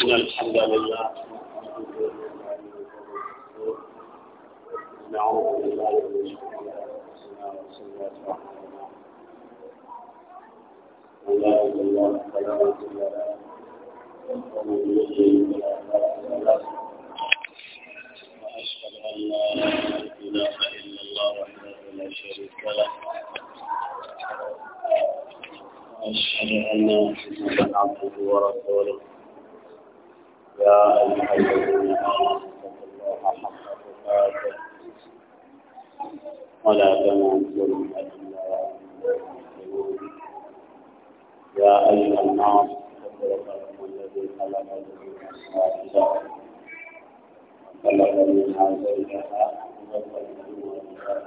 إن الحمد لله نعوذ بالله من شرور أنفسنا وسيئات أعمالنا من يهده الله فلا مضل له ومن يضلل فلا هادي له وأشهد أن لا إله إلا الله وحده لا شريك له وأشهد أن محمدا عبده ورسوله يا أيها الذين آمنوا اتقوا الله حق تقاته ولا تموتن إلا وأنتم مسلمون يا أيها الناس اتقوا ربكم الذي خلق من نفس واحدة خلق منها زوجها وخلق منها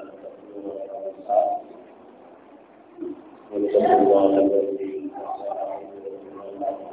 رجلها واتقوا الله الذي تساءلون به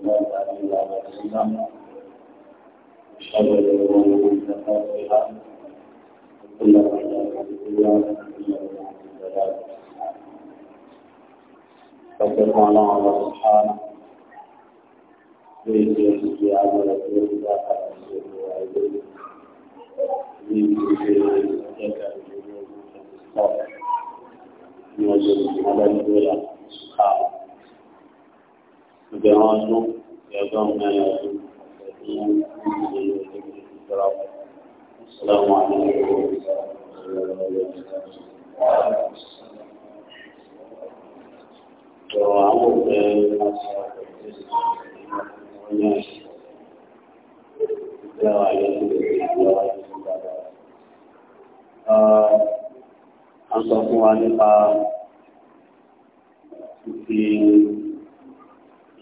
الله عليه وسلم وشر الأمور محدثاتها وكل محدثة بدعة وكل بدعة ضلالة فاتقوا الله سبحانه بإذن استجابة رسول الله ورسوله وعبيده بإذن ذكر الجنود والصبر نزل على الأولى سبحانه ẹgbẹ̀rún ọdún ẹgbẹ̀rún mẹ́rin ọdún ẹgbẹ̀rún mẹ́rin ọdún ìṣẹ̀lẹ̀ السلام عليكم ورحمة الله وبركاته. a sọ fún wa nípa fífi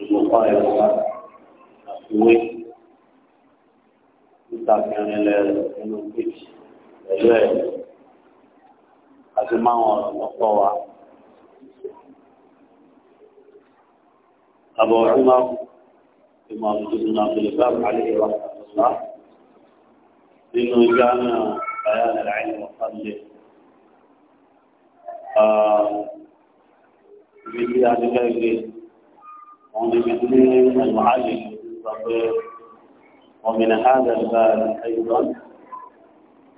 ìbùkọ́ ẹ̀rọ àfiwé ìtàkùn ilẹ̀ inú kejì pẹ̀lú ẹ̀ àti máwọn ọ̀rọ̀ lọ́pọ̀ wa. أبو عمر إمام ابن عبد الباب عليه رحمة الله إنه جامع بيان العلم وفضله آه في هذه ولبدين المعلم الصغير ومن هذا الباب أيضا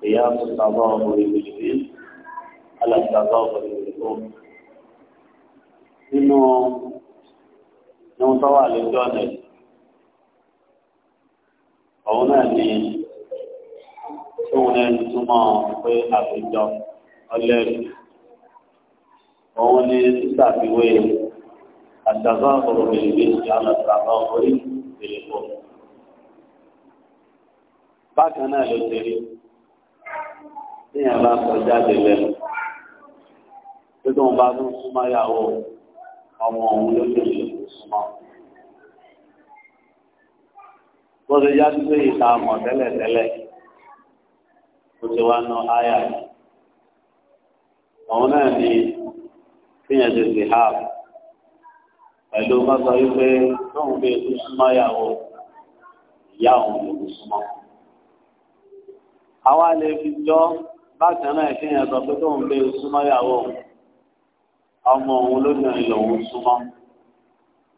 قياس التظاهر بالدين على التظاهر بالأم إنه نوطوى للجانب òun náà ni ثم في túmọ̀ pé àpéjọ ọlẹ́rìí òun ni sísàfiwé التظاهر بالبيت على التظاهر بالقوم bákan náà ló ti rí níyàn bá sọ jáde lẹ́nu tó tó ń bá tó ń súnmọ́ yàwó ọmọ òun ló lè lè kó súnmọ́ bó ṣe já sí pé ìta mọ̀ tẹ́lẹ̀tẹ́lẹ̀ ó ti wá ná áyà yìí òun náà ni kíyàn ti sì pẹ̀lú wọn sọ wípé tóun bẹ kú súnmọ́ ìyàwó ìyá òun lè kú súnmọ́. àwa lè fi jọ bákan náà kéèyàn sọ pé tóun bẹ súnmọ́ ìyàwó ọmọ òun lóbìnrin lòun súnmọ́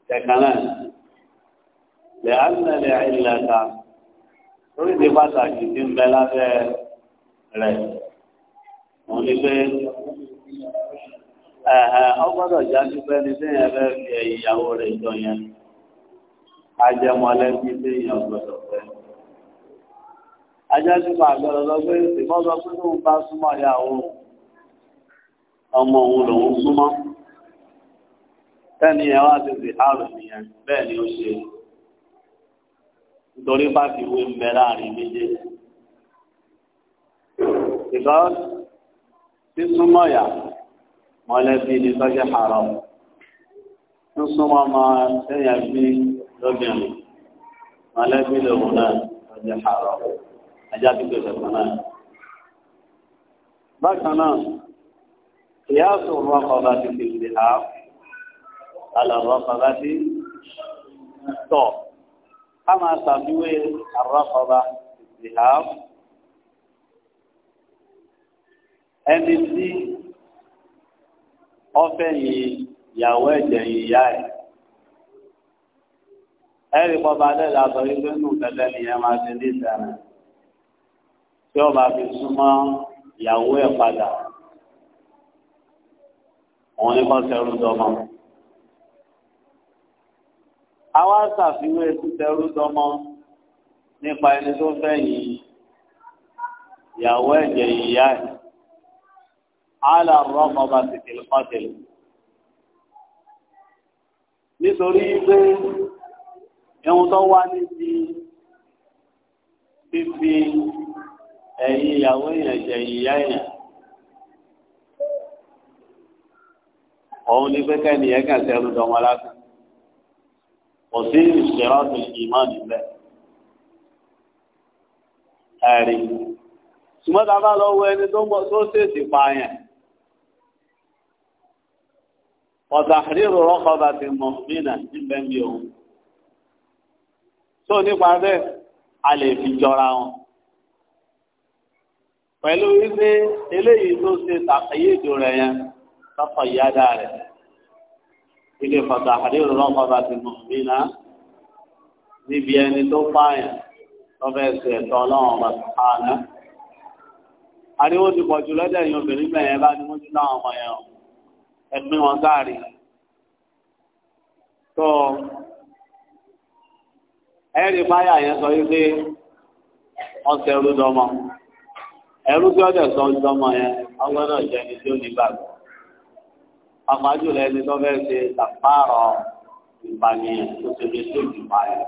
kẹ̀kẹ́ náà lè á nílẹ̀ lè á lórí ti pàtàkì ti ń bẹ lábẹ́ rẹ̀ òun ni pé. ọgbọ́dọ̀ jáde pẹ́ni tí yẹn fẹ́ fi ìyàwó rẹ̀ jọ yẹn ajẹmọlẹ́bí tí yẹn gbọ́dọ̀ pẹ́. ajá sí máa gbọ́dọ̀ pé bá súnmọ́ ìyàwó ọmọ òun súnmọ́ tẹ́ni ẹ̀ wá ni ó ṣe nítorí bá fi wé ń bẹ láàrin mọ̀lẹ́bí ni tọ́jú àrọ̀ ń súnmọ́ máa sẹ́yìn bí lóbìnrin mọ̀lẹ́bí lòun náà tọ́jú àrọ̀ ajá pípé pẹ̀lú náà. bákan náà ìyá sọ̀rọ̀ ọkọ̀ bá ti fi lè ha alọ̀rọ̀ ọkọ̀ bá ti tọ̀ ká máa ṣàfiwé àrọ̀ ọkọ̀ bá ti fi lè ha ẹni tí ọfẹ yìí ìyàwó ẹ̀jẹ̀ yìí ìyá ẹ̀ ẹ̀rí pọ́ba adẹ́lẹ̀ àtọ̀ yìí pé nù tẹ́lẹ̀ nìyẹn máa ti ní ìsẹ̀rẹ̀ tí ọba fi súnmọ́ ìyàwó ẹ̀ padà òun ní kọ́ sẹ́rù dọ́mọ. àwa ṣàfiwé sẹ́rù dọ́mọ nípa ẹni tó fẹ́ yìí ìyàwó ẹ̀jẹ̀ yìí ìyá ẹ̀ ala rọ́mọba tètè lọ́tẹ̀lẹ̀. nítorí pé ẹ̀hún tó wá níbi fífi ẹ̀yìn ìyàwó èèyàn jẹ ìyá èèyàn. òun ni pé kẹ́ni yẹn kàn sẹ́nu dọ́mọ lásán. kò sí ìṣẹ́rọ́tò ìmọ̀ níbẹ̀. ẹ̀rí. sùmọ́tà bá lọ wọ ẹni tó ṣèṣì pààyàn. ọ̀tàhírò rọ́kọ̀bà ti mọ̀ nínà níbẹ̀ ń bí òun. tó nípa bẹ́ẹ̀ a lè fi jọra wọn. pẹ̀lú wípé eléyìí tó ṣe tàkàyédò rẹ̀ yẹn lọ́kọ̀ ìyáda rẹ̀. ilé ọ̀tàhírò rọ́kọ̀bà ti mọ̀ nínà níbi ẹni tó pààyàn lọ́fẹ́ ṣe ẹ̀tọ́ ọlọ́run ọba sàánà. ariwo ti pọ̀ jù lọ́dẹ̀ yìí obìnrin bẹ̀yẹn bá ní mójú láwọn ọmọ yẹn o ẹgbẹ́ wọn gáàrí tó ẹ̀rí báyà yẹn sọ wípé ọ̀sẹ̀ ẹrú dọmọ ẹrú tí ọ̀dẹ̀ sọ dọmọ yẹn ọgbọ́dọ̀ jẹ́ ẹni tí ó ní gbàgbọ́ àpájù lẹni tó fẹ́ ṣe tàpárọ̀ ìbànìyàn tó ṣe lè ṣe ìjùmọ̀ yẹn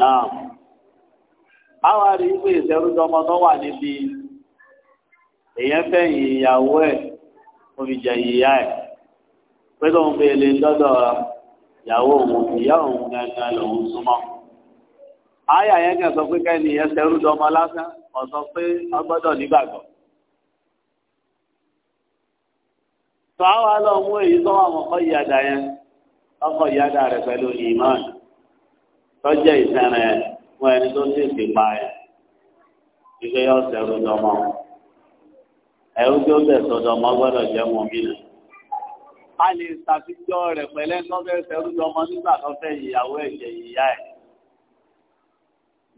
náà àwọn àrí ìpè dọmọ tó wà níbi èèyàn fẹ̀yìn ìyàwó ẹ̀ ó ìyá ẹ̀ pé tóun fi lè dọ́dọ̀ ìyàwó òun ìyá òun gangan lòun súnmọ́. àyà yẹn kàn sọ pé kẹ́ni ẹsẹ̀ rúdọmọ lásán ọ̀sọ́ pé ọgbọ́dọ̀ nígbàgbọ́. tó àwọn àlọ́ èyí tó wà mọ́kọ́ ìyàdá yẹn ọkọ̀ ìyàdá rẹ̀ pẹ̀lú ìmọ̀ọ́nì tọ́jẹ́ ìsẹ̀rẹ̀ fún ẹni tó sì fi pa ẹ̀ ìgbéyàwó sẹ́rù lọ́mọ́ ẹ̀rú tí ó tẹ̀sọ̀ ọ̀dọ̀ ọmọ gbọ́dọ̀ jẹ́ wọn mí nà. a lè ṣàfihàn rẹ̀ pẹ̀lẹ́ tọ́fẹ́sẹ̀ ẹ̀rú tí ọmọ nígbà tó fẹ́ ìyàwó ẹ̀jẹ̀ ìyá ẹ̀.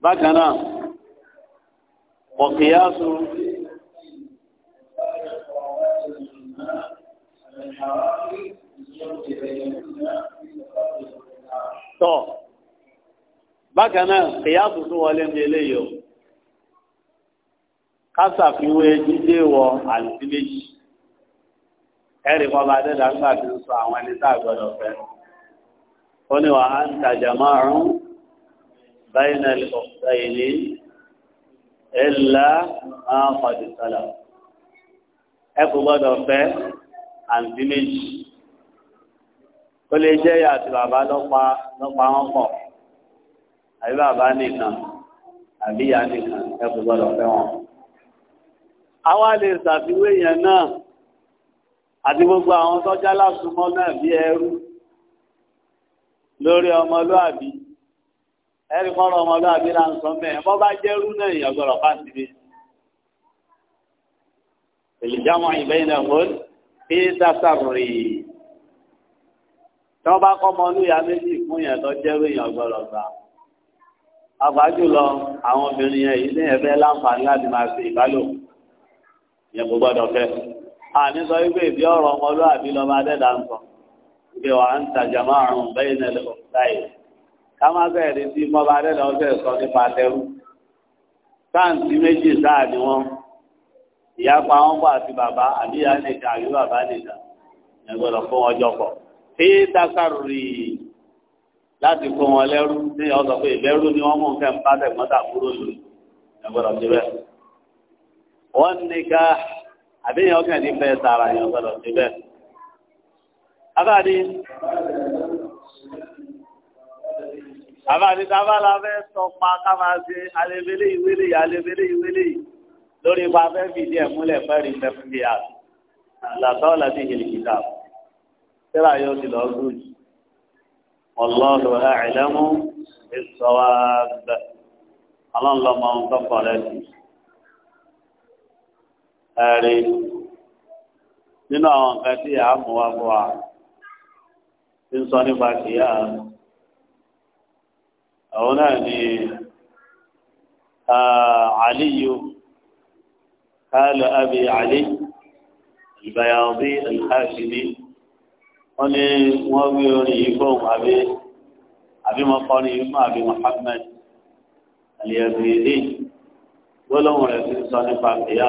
bákan náà ọ̀kìyàsó tọ́ bákan náà kìyàsó tó wọlé ní eléyìí o kásàfiwé dídé wọ àlùfí méjì ẹ̀rí bọ́ba dẹ́dà ńgbà tí ń sọ àwọn ẹni tá a gbọ́dọ̀ fẹ́ ó ní wà á ń tajà márùn báyìí náà lè kọ̀ọ̀tà ìní ẹ̀là máa ń pàdé sálà ẹ kò gbọ́dọ̀ fẹ́ àǹtí méjì ó lè jẹ́ ìyá àti bàbá lọ́pa lọ́pa wọn pọ̀ àbí bàbá nìkan àbí ìyá nìkan ẹ kò gbọ́dọ̀ fẹ́ wọn àwa lè ṣàfiwé yẹn náà àti gbogbo àwọn tọ́jà lásùmọ́ náà bí ẹrú lórí ọmọlúàbí ẹ̀rí kọ́rọ̀ ọmọlúàbí là ń sọ mẹ́ẹ̀ bọ́ bá jẹ́rú náà èèyàn gbọ́dọ̀ fáṣí mi. ìlìjámọ̀ ìbẹ́yìn náà mọ́ ní dásàrùrì tí wọ́n bá kọ́ ọmọ olúyà méjì fún yẹn tó jẹ́rú èèyàn gbọ́dọ̀ gbà. àbájúlọ àwọn obìnrin yẹn yìí lẹ́yìn ẹ̀fẹ́ láǹfààní láti máa ṣe ìbálòpọ̀ yẹn kò gbọ́dọ̀ fẹ́ àní sọ wípé ìbí ọ̀rọ̀ ọmọlúwàbí lọ́ba adẹ́dà ń sọ wípé wà á ń tajà márùn-ún bẹ́yìn náà lọ́kọ̀ láì ká má bẹ́ẹ̀ rí sí mọ́ba adẹ́dà ọ̀sẹ̀ sọ nípa tẹ́rù táǹtì méjì sáà ni wọ́n ìyá pa wọn bọ àti bàbá àbí ìyá nìkan àbí bàbá nìkan ẹ gbọ́dọ̀ fún wọn jọpọ̀ tí dákàrúrì láti fún wọn lẹ́rú ní ọsọ pé ìlẹ́rú ni wọn mú nǹkan bá tẹ̀gbọ́n tàbúrò lò ẹ gbọ́dọ̀ síbẹ̀ wọ́n ní ká àbíyàn ọkàn ní fẹ́ sára yẹn gbọ́dọ̀ síbẹ̀. abáàdì abáàdì tábàlà fẹ́ tọpa ká máa ṣe alebele ìwélè alebele ìwélè lórí ipa fẹ́ fìdí ẹ̀ múlẹ̀ fẹ́rí fẹ́fúndì à làtọ́ láti ìhìlì kìtà síra yóò ti lọ sùn ọlọ́ọ̀lù ẹ̀ẹ́dẹ́mú ìsọ̀wá bẹ́ẹ̀ ọlọ́ọ̀lọ́mọ ń tọ́kọ̀ rẹ̀ sí ẹ̀rí nínú àwọn nǹkan tí a mú wá fún wa ti ń sọ nípa kìíyà àwọn náà ni àlíyù kálù abi àlí ìbàyàwí alhashimi wọ́n ní wọ́n wí orin yìí gbóhùn àbí àbí mo kọ́ ní ibùdó àbí Muhammad aliyahudi gbólóhùn rẹ̀ ti ń sọ nípa kìíyà.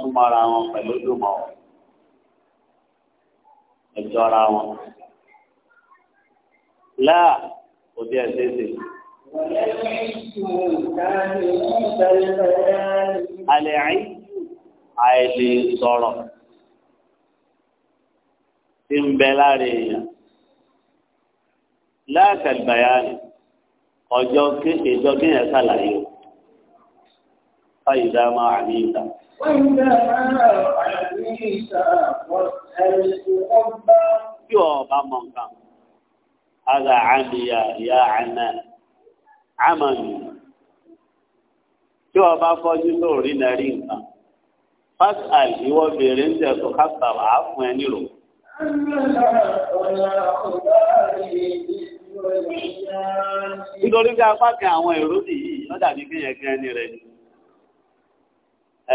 súnmọ́ ara wọn pẹ̀lú dùnmọ́ ẹjọ́ ara wọn. láà kò tí ẹ ṣe é ṣe. Alẹ́ àyìn àìlè sọ̀rọ̀ tí ń bẹ láre èèyàn láàkàlùbáyà ni ọjọ́ kéèké jọ kéèyàn ṣàlàyé o. فإذا ما عليت وإذا ما عليت واسأل ربك يوبا منكم هذا عمي يا عمان عمل tí ọba fọjú lórí náà rí nǹkan fásitì ìwọ béèrè ń tẹ̀ tó kápá wàá fún ẹ nílò. nítorí bí apá kan àwọn èrò nìyí ó dàbí kéèyàn kan ẹni rẹ ni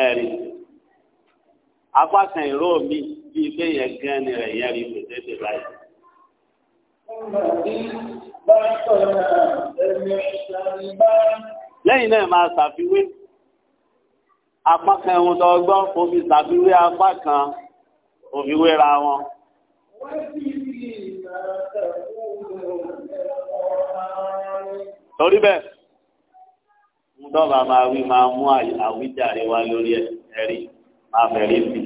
ẹ̀rí apá kan ìró mi bíi pé yẹn gan ni rẹ̀ yẹn rí pèsè báyìí. lẹ́yìn náà máa ṣàfiwé apá kan ẹ̀hún tó gbọ́ omi ṣàfiwé apá kan òfi wéra wọn. torí bẹ́ẹ̀ tọ́ba máa wí máa mú àwíjàre wá lórí ẹ̀rí máa bẹ̀rẹ̀ sí.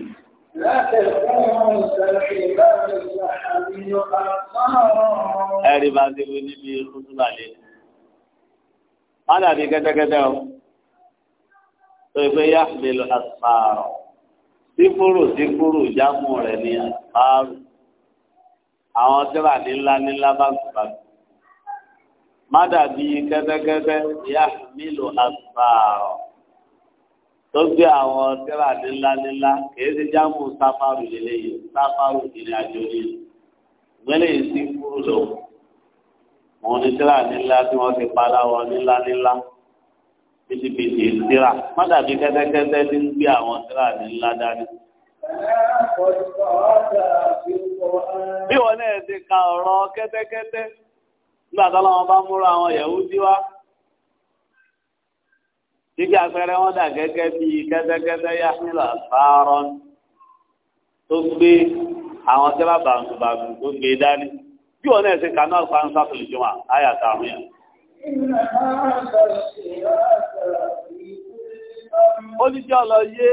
ẹ̀rí bá ti wí níbi kútúbà lé. má dàbí kẹ́tẹ́kẹ́tẹ́ o tó ìgbé yá lélo àsùpààrọ̀ sífúrù sífúrù jámù rẹ̀ ní àsùpààrù àwọn tí wà ní ńlá ní ńlá bá ń sùpàgbọ́. Mada dàbí kẹ́tẹ́kẹ́tẹ́ ìyá mílò àgbàrọ̀ tó gbé àwọn tírà nílá nílá kìí ṣe jáàmù sáfárù lélẹ́yìn sáfárù ìrìn àjò ni ìgbẹ́lẹ̀ yìí sí kúrò lọ wọn ní tírà nílá tí wọ́n ti padà wọn nílá nílá pìtìpìtì tírà má dàbí kẹ́tẹ́kẹ́tẹ́ tí ń gbé àwọn tírà nílá dání. bí wọn náà ti ka ọ̀rọ̀ kẹ́tẹ́kẹ́tẹ́ nígbà táwọn bá múra àwọn Yahudi wá títí àpẹẹrẹ wọn dà gẹ́gẹ́ bí kẹ́tẹ́kẹ́tẹ́ yá nílò àfárọ́ tó gbé àwọn tẹ́lá bàǹtùbàǹtù tó gbé dání bí wọn náà ṣe kaná fansa tó lè jọ wọn àyà táwọn yẹn. ó ní jẹ́ ọlọ yé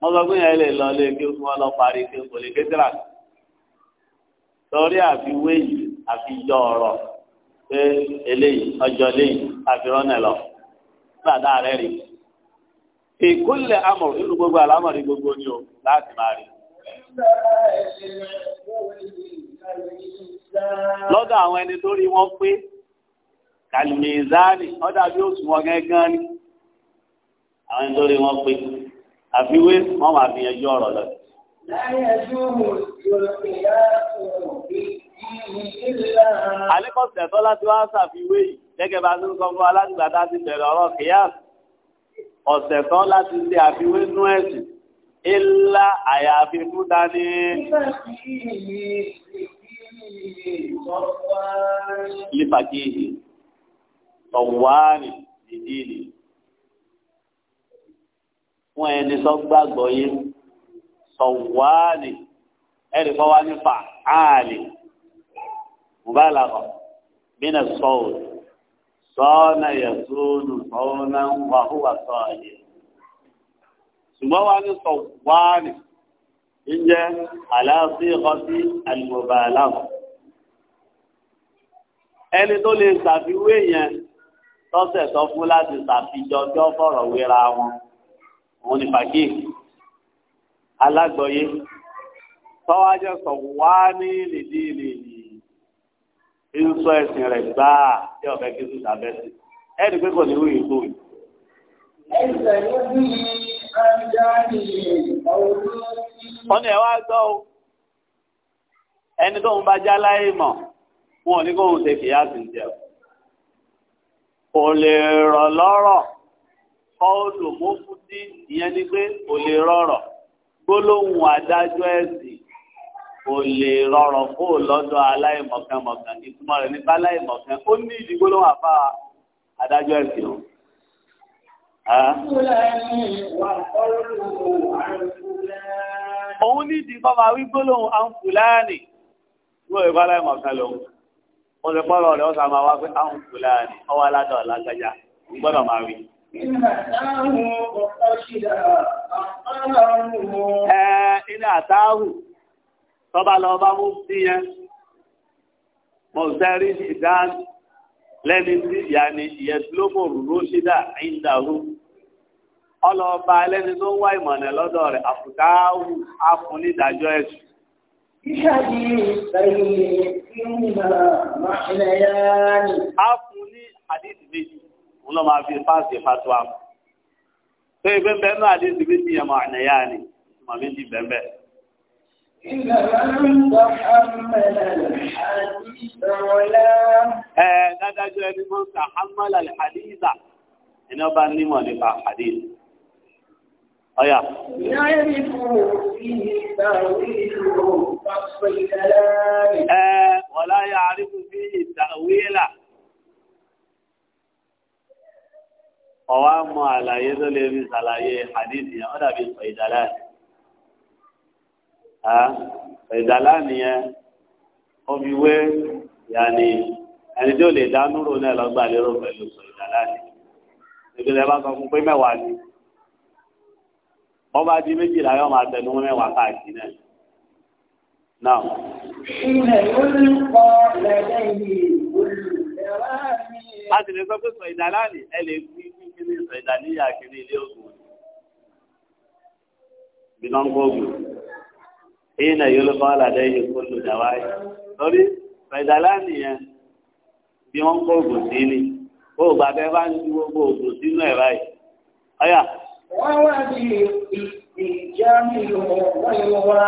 wọ́n sọ pé yẹn lè lọ lé kí wọ́n lọ parí kí wọ́n lè ké tíra torí àfiwé yìí àfi yọ ọ̀rọ̀ pé eléyìí ọjọ́ léyìí àfirọ́nà lọ gbàdá rẹ̀ rí ìkúlẹ̀ amọ̀ nínú gbogbo àlámọ̀rí gbogbo ni o láti máa rí. lọ́dọ̀ àwọn ẹni tó rí wọ́n pé kàlùmíìzánì ọ̀dà bí oṣù wọn gángan ni àwọn ẹni tó rí wọ́n pé àfiwé wọ́n máa fi yanjú ọ̀rọ̀ lọ. láyé ẹjọ́ mo ti ọ̀rọ̀ ìyá ọ̀rọ̀ bíi alikọsẹ tọ́lá tí wàá ṣàfiwé yìí gẹ́gẹ́ bá tó ń sọ fún alágbèbá tá a ti bẹ̀rẹ̀ ọ̀rọ̀ kìíyàsì ọ̀sẹ̀ tọ́lá ṣe àfiwé nú ẹ̀sìn ilá àyàfi fún dání. lífàkìhì ọ̀wárì ìdílé fún ẹni tó gbàgbọ́ yé ọ̀wárì ẹ̀rí kọ́ wá ní fàáàlì. مبالغة من الصوت صان يصون صونا وهو صائم ثم وعن صوان إن على صيغة المبالغة ẹni tó lè ṣàfiwé yẹn tọ́sẹ̀ sọ fún láti ṣàfijọ́ tí ó fọ̀rọ̀ wéra wọn òun ni fàkì alágbọ̀yé tọ́wájọ́ sọ wá ní lìdí lìdí ń sọ ẹ̀sìn rẹ̀ gbáà tí ọ̀fẹ́ kí sùn sábẹ́ sí ẹ̀ẹ́dì pé kò ní wúyì tó yìí. wọ́n ní ẹ̀ wá gbọ́ o ẹni tó ń bá já láyé mọ̀ wọn ò ní kó ṣe kìyà sí jẹ o kò lè rọ̀ lọ́rọ̀ kọ́ọ̀lù mọ́fútì ìyẹn ni pé kò lè rọ̀rọ̀ gbólóhùn adájọ́ ẹ̀sìn kò lè rọrùn kó lọ́dọ̀ aláìmọ̀kànmọ̀kàn ìtumọ̀ rẹ̀ nípa aláìmọ̀kàn ó ní ìdígbó ló wà fà adájọ́ ẹ̀sìn o. òun ní ìdí bàbá wí gbólóhùn àǹfùláàní wọ́n rẹ̀ bá aláìmọ̀kàn lòun wọ́n ti pọ́nrọ̀ rẹ̀ wọ́n sá máa wá pé àǹfùláàní ọwọ́ aládọ̀ alágbájá gbọ́dọ̀ máa wí. Ẹ iná àtàhù tọ́ba lọ bá mú sí yẹn mo sẹ́rí ìdán lẹ́ni tí ìyáni ìyẹ̀dúlómò rúróṣídà ìdàrú ọlọ́ọ̀ba ẹlẹ́ni tó ń wá ìmọ̀nà lọ́dọ̀ rẹ̀ àfùkáwù afúnídàájọ́ ẹ̀sùn. A fún ní àdíjì méjì, òun lọ máa fi fáàsì fatuwa. Pé ìgbẹ́ bẹ́ẹ̀ náà àdíjì méjì yẹn mọ̀ ànàyà ni, màmí ti bẹ́ẹ̀ bẹ́ẹ̀. Ẹ dájú ẹni mọ́ sàhámàlà àdìsà, ẹni ọba nímọ̀ nípa àdìsà. Ọya. Ẹ wọ̀lá yà àríkù bí ìtàwílà. Ọwá mọ àlàyé tó lè rí sàlàyé àdìsì, ọ̀dàbí ìtàlá ìdàlá nìyẹn omi wé yàní ẹni tí ó lè dá núrò náà lọ́gbà lérò pẹ̀lú sọ ìdàlá ni ìgbésẹ̀ bá sọ fún pé mẹ́wàá ni wọ́n bá di méjìlá yóò máa tẹnu mẹ́wàá káàkiri náà. Náà. Ilẹ̀ yóò ń kọ́ lẹ́lẹ́yìn láti lè sọ pé sọ ìdá láàní ẹ lè fi kíkiri sọ ìdá níyà kiri ilé ògùn bí náà ń kó ògùn èyí náà yóò lọ́kọ́ àlàdé yìí kó lò dà wáyé lórí fẹ̀dálá nìyẹn bí wọ́n kó oògùn sí ni bó o bá fẹ́ bá ń ju gbogbo oògùn sínú ẹ̀ báyìí ọ̀yà. wọ́n wá bí ìjà mi wọ́n yóò wá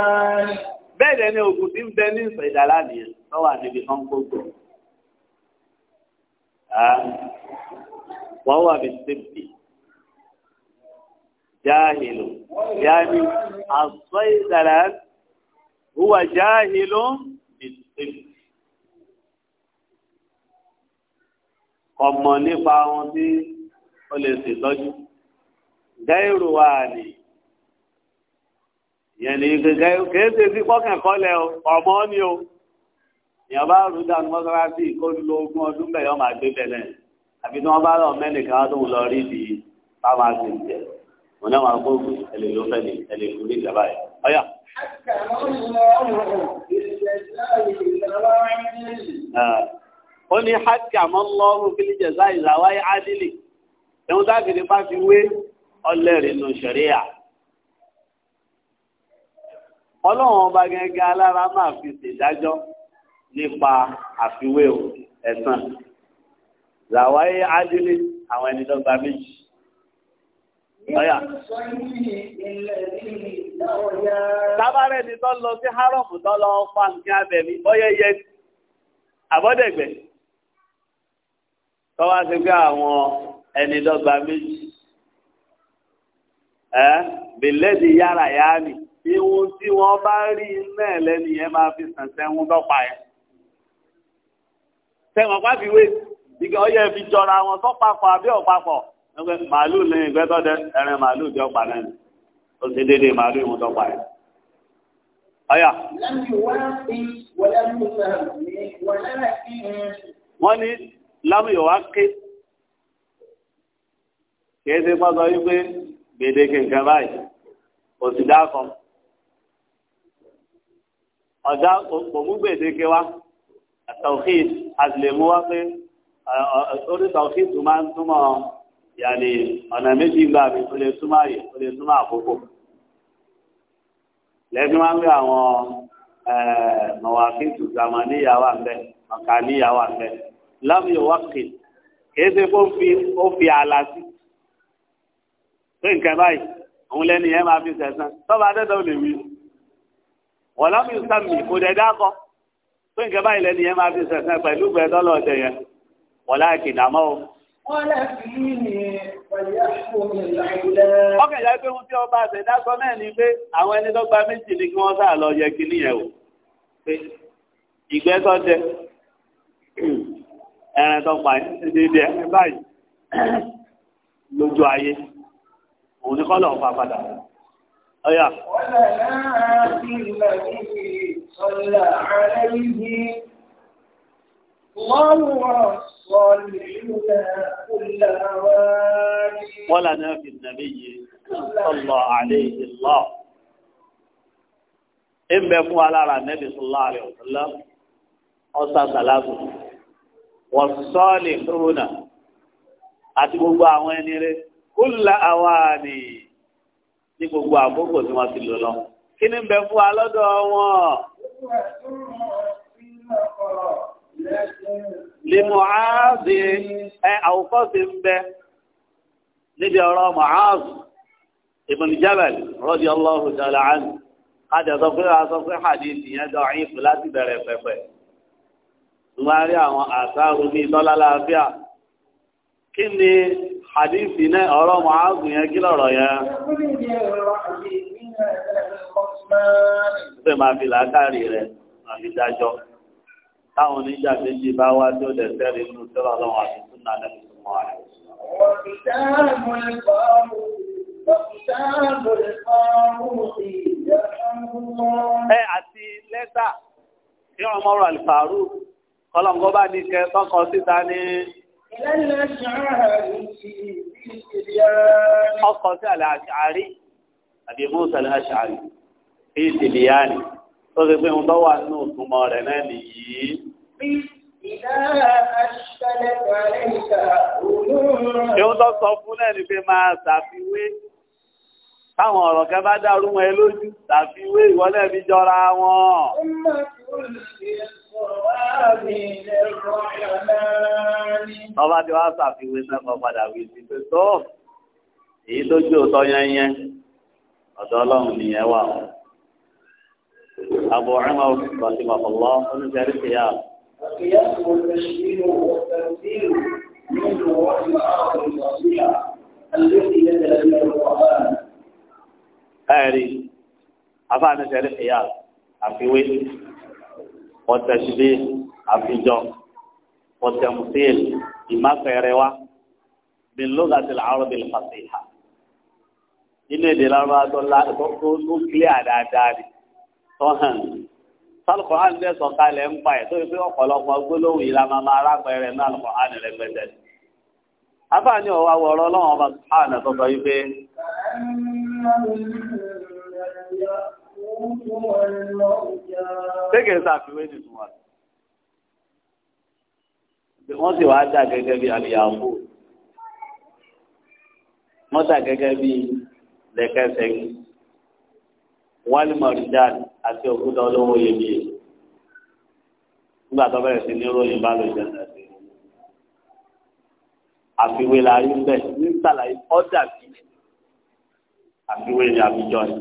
bẹ́ẹ̀ dẹ̀ ni oògùn ti ń bẹ ní fẹ̀dálá nìyẹn lọ́wọ́ àdébí kan kó oògùn. wọ́n wá bí sèpì jáhìlù yáni àsọ ìdàlá huwa jahilun bìtìmì. ọmọ nípa ohun tí ó lè ṣètọ́jú gáírù wa ni ìyẹn ní gẹ́gẹ́ kéèsè sí pọ́kànkọ́lẹ̀ ọmọ ni o èèyàn bá rú dànù mọ́sálásí kó lo ogún ọdún bẹ́ẹ̀ yọ máa gbé bẹ̀rẹ̀ tí wọ́n bá lọ mẹ́nìkan tó ń lọ rí di bá jẹ́ wọn náà máa gbóògùn ẹlẹ ló fẹ́ ní ẹlẹ ló ní ìjàmbá yẹn ọyà. ó ní hákì àmọ́ lọ́rùn fílíjẹ̀ sáì làwáyé ádìlì ẹ̀hún dáàbìrì bá fi wé ọlẹ́rìí nù sẹ̀ríyà. ọlọ́run ọba gẹ́gẹ́ alára máa fi ṣèdájọ́ nípa àfiwé ẹ̀sán làwáyé ádìlì àwọn ẹni dọ́gba méjì. Ọ̀yà. Tábàrẹ́ ni tọ́ lọ sí hárọ̀mù tọ́ lọ fa nǹkan abẹ̀mí bọ́yẹ́yẹ́ àbọ́dẹ̀gbẹ̀. Tọ́wá ti gbé àwọn ẹni dọ́gba méjì. Ẹ́ yára yá nì. Ihun tí wọ́n bá rí iná ẹ̀lẹ́ni yẹn máa fi sàn sẹ́hun tọ́pa yẹn. Sẹ́wọ̀n pàfiwé, ìgbà ọyẹ́ fi jọra wọn tọ́papọ̀ àbí ọ̀papọ̀ ẹgbẹ́ màálù ní ìgbẹ́ tọ́dẹ ẹran màálù jọ pa náà ó sì dédé màálù ìwọ̀n tó pa ẹ̀. ọ̀yà. wọ́n ní lámùyọ̀ wá ké kìí ṣe pọ́ sọ wípé gbèdéke nǹkan báyìí kò sì dákọ. ọ̀dà òmú gbèdéke wa àtàwùkì àtìlẹ́mú wa pé orí tàwùkì tó máa ń túmọ̀ ọ́ yàní ọ̀nà méjì gbà mí tó lè súnmọ́ àyè tó lè súnmọ́ àkókò lẹ́nu máa ń gbé àwọn eh, mọ̀wákìtù gàmọ́ níyàwó àgbẹ̀ ọ̀kà níyàwó àgbẹ̀ lámìí wákì kìí ṣe kó fi ó fi ààlà sí pé nǹkan báyìí òun lẹ́nu yẹn máa fi sẹ̀sán tọ́ba adẹ́dọ̀ lè wí wọ́n lámìí sàmì kò dẹ̀ dákọ́ pé nǹkan báyìí lẹ́nu yẹn máa fi sẹ̀sán pẹ̀lú gbẹdọ́lọ́ọ̀dẹ̀ yẹn Ọkẹ̀ ìyá pé wọ́n tí ọba àṣẹ̀dá sọ náà ni pé àwọn ẹni tó gba méjì ní kí wọ́n sáà lọ yẹ kí níyẹn o. Pé ìgbẹ́ tó jẹ, ẹran tó pa ìdíje ẹni báyìí lójú ayé, òun ní kọ́lọ̀ ọ̀pá padà. Ọya. Wọ́n ولنا في النبي صلى عليه الله إن بفو على النبي صلى الله عليه وسلم أصلا ثلاثة والصالحون àti gbogbo àwọn ẹni rẹ̀ kúlà àwáàní ní gbogbo àkókò tí wọ́n ti lò kí ni bẹ fún wa wọn lè mọ̀háàzì ẹ àwòkọ́sí ń bẹ níbi ọ̀rọ̀ mọ̀háàzì ibn Jabal radiyallahu ta'ala anhu kájọsọ pé aṣọ pé hadith yẹn dọ̀ ẹ̀yìn fún láti bẹ̀rẹ̀ pẹ̀pẹ̀ wọ́n rí àwọn àṣàrò ní ìtọ́lá láàáfíà kí ni hadith náà ọ̀rọ̀ mọ̀háàzì yẹn kí lọ̀rọ̀ yẹn ṣe máa fi làákàrí rẹ̀ máa fi dájọ́ táwọn oníjà méjì bá wá tí ó lè tẹ́rì inú tẹ́rọ ọlọ́run àti súnà lẹ́nu tó mọ́ ààrẹ. ẹ àti lẹ́tà tí wọ́n mọ́rọ̀ àlìfàárù kọlọ̀ǹgọ́ bá ní kẹ tọ́kọ síta ní. ọkọ̀ sí àlẹ́ àṣàárí àbí mọ́sàlẹ́ àṣàárí fi ìdìlíyà ni tó ṣe pé òun tó wà nínú òtúmọ̀ rẹ̀ náà nìyí. Ìhun tó sọ fún náà ni pé máa ṣàfiwé. Táwọn ọ̀rọ̀ kan bá dárú wọn lójú, ṣàfiwé ìwọlé mi jọra wọn. Ọba ti wá ṣàfiwé mẹ́kọ̀ padà wí sí pé tó. Èyí lójú òtọ́ yẹn yẹn. Ọ̀dọ́ ọlọ́run nìyẹn wà wọ́n. أبو عمر رحمه الله ونزل القيام القيام والتشكيل والتمثيل منه وحي العرب الفصيحة التي يتلبيها القرآن أعري أفعنا سعر القيام أفيوي والتشبيه أفيجو والتمثيل إما فيروا من لغة العرب الفصيحة إنه دلالة الله تقول كلي على داري tọ́hàn sálùkọ́ lè sọ ń pa ẹ̀ tó yẹ pé ọ̀pọ̀lọpọ̀ gbólóhùn yìí máa máa náà lọ́kọ̀ hàn rẹ̀ afáàní ọ̀wá wọ̀rọ̀ ọlọ́run ọba hàn tó sọ yìí pé. ṣé kìí ṣàfiwé wọ́n sì wá dà gẹ́gẹ́ bí àlìyàwó wọ́n dà gẹ́gẹ́ bí lẹ́kẹ́sẹ̀gbìn. wálìmọ̀rìndàn àti òkúta olówó iyebíye nígbà tó bẹ̀rẹ̀ sí ní ròyìn bá lò jẹ́ nàìjíríà àfiwé la rí bẹ́ẹ̀ ní sàlàyé ọ̀dà bíi àfiwé ni àbíjọ ni.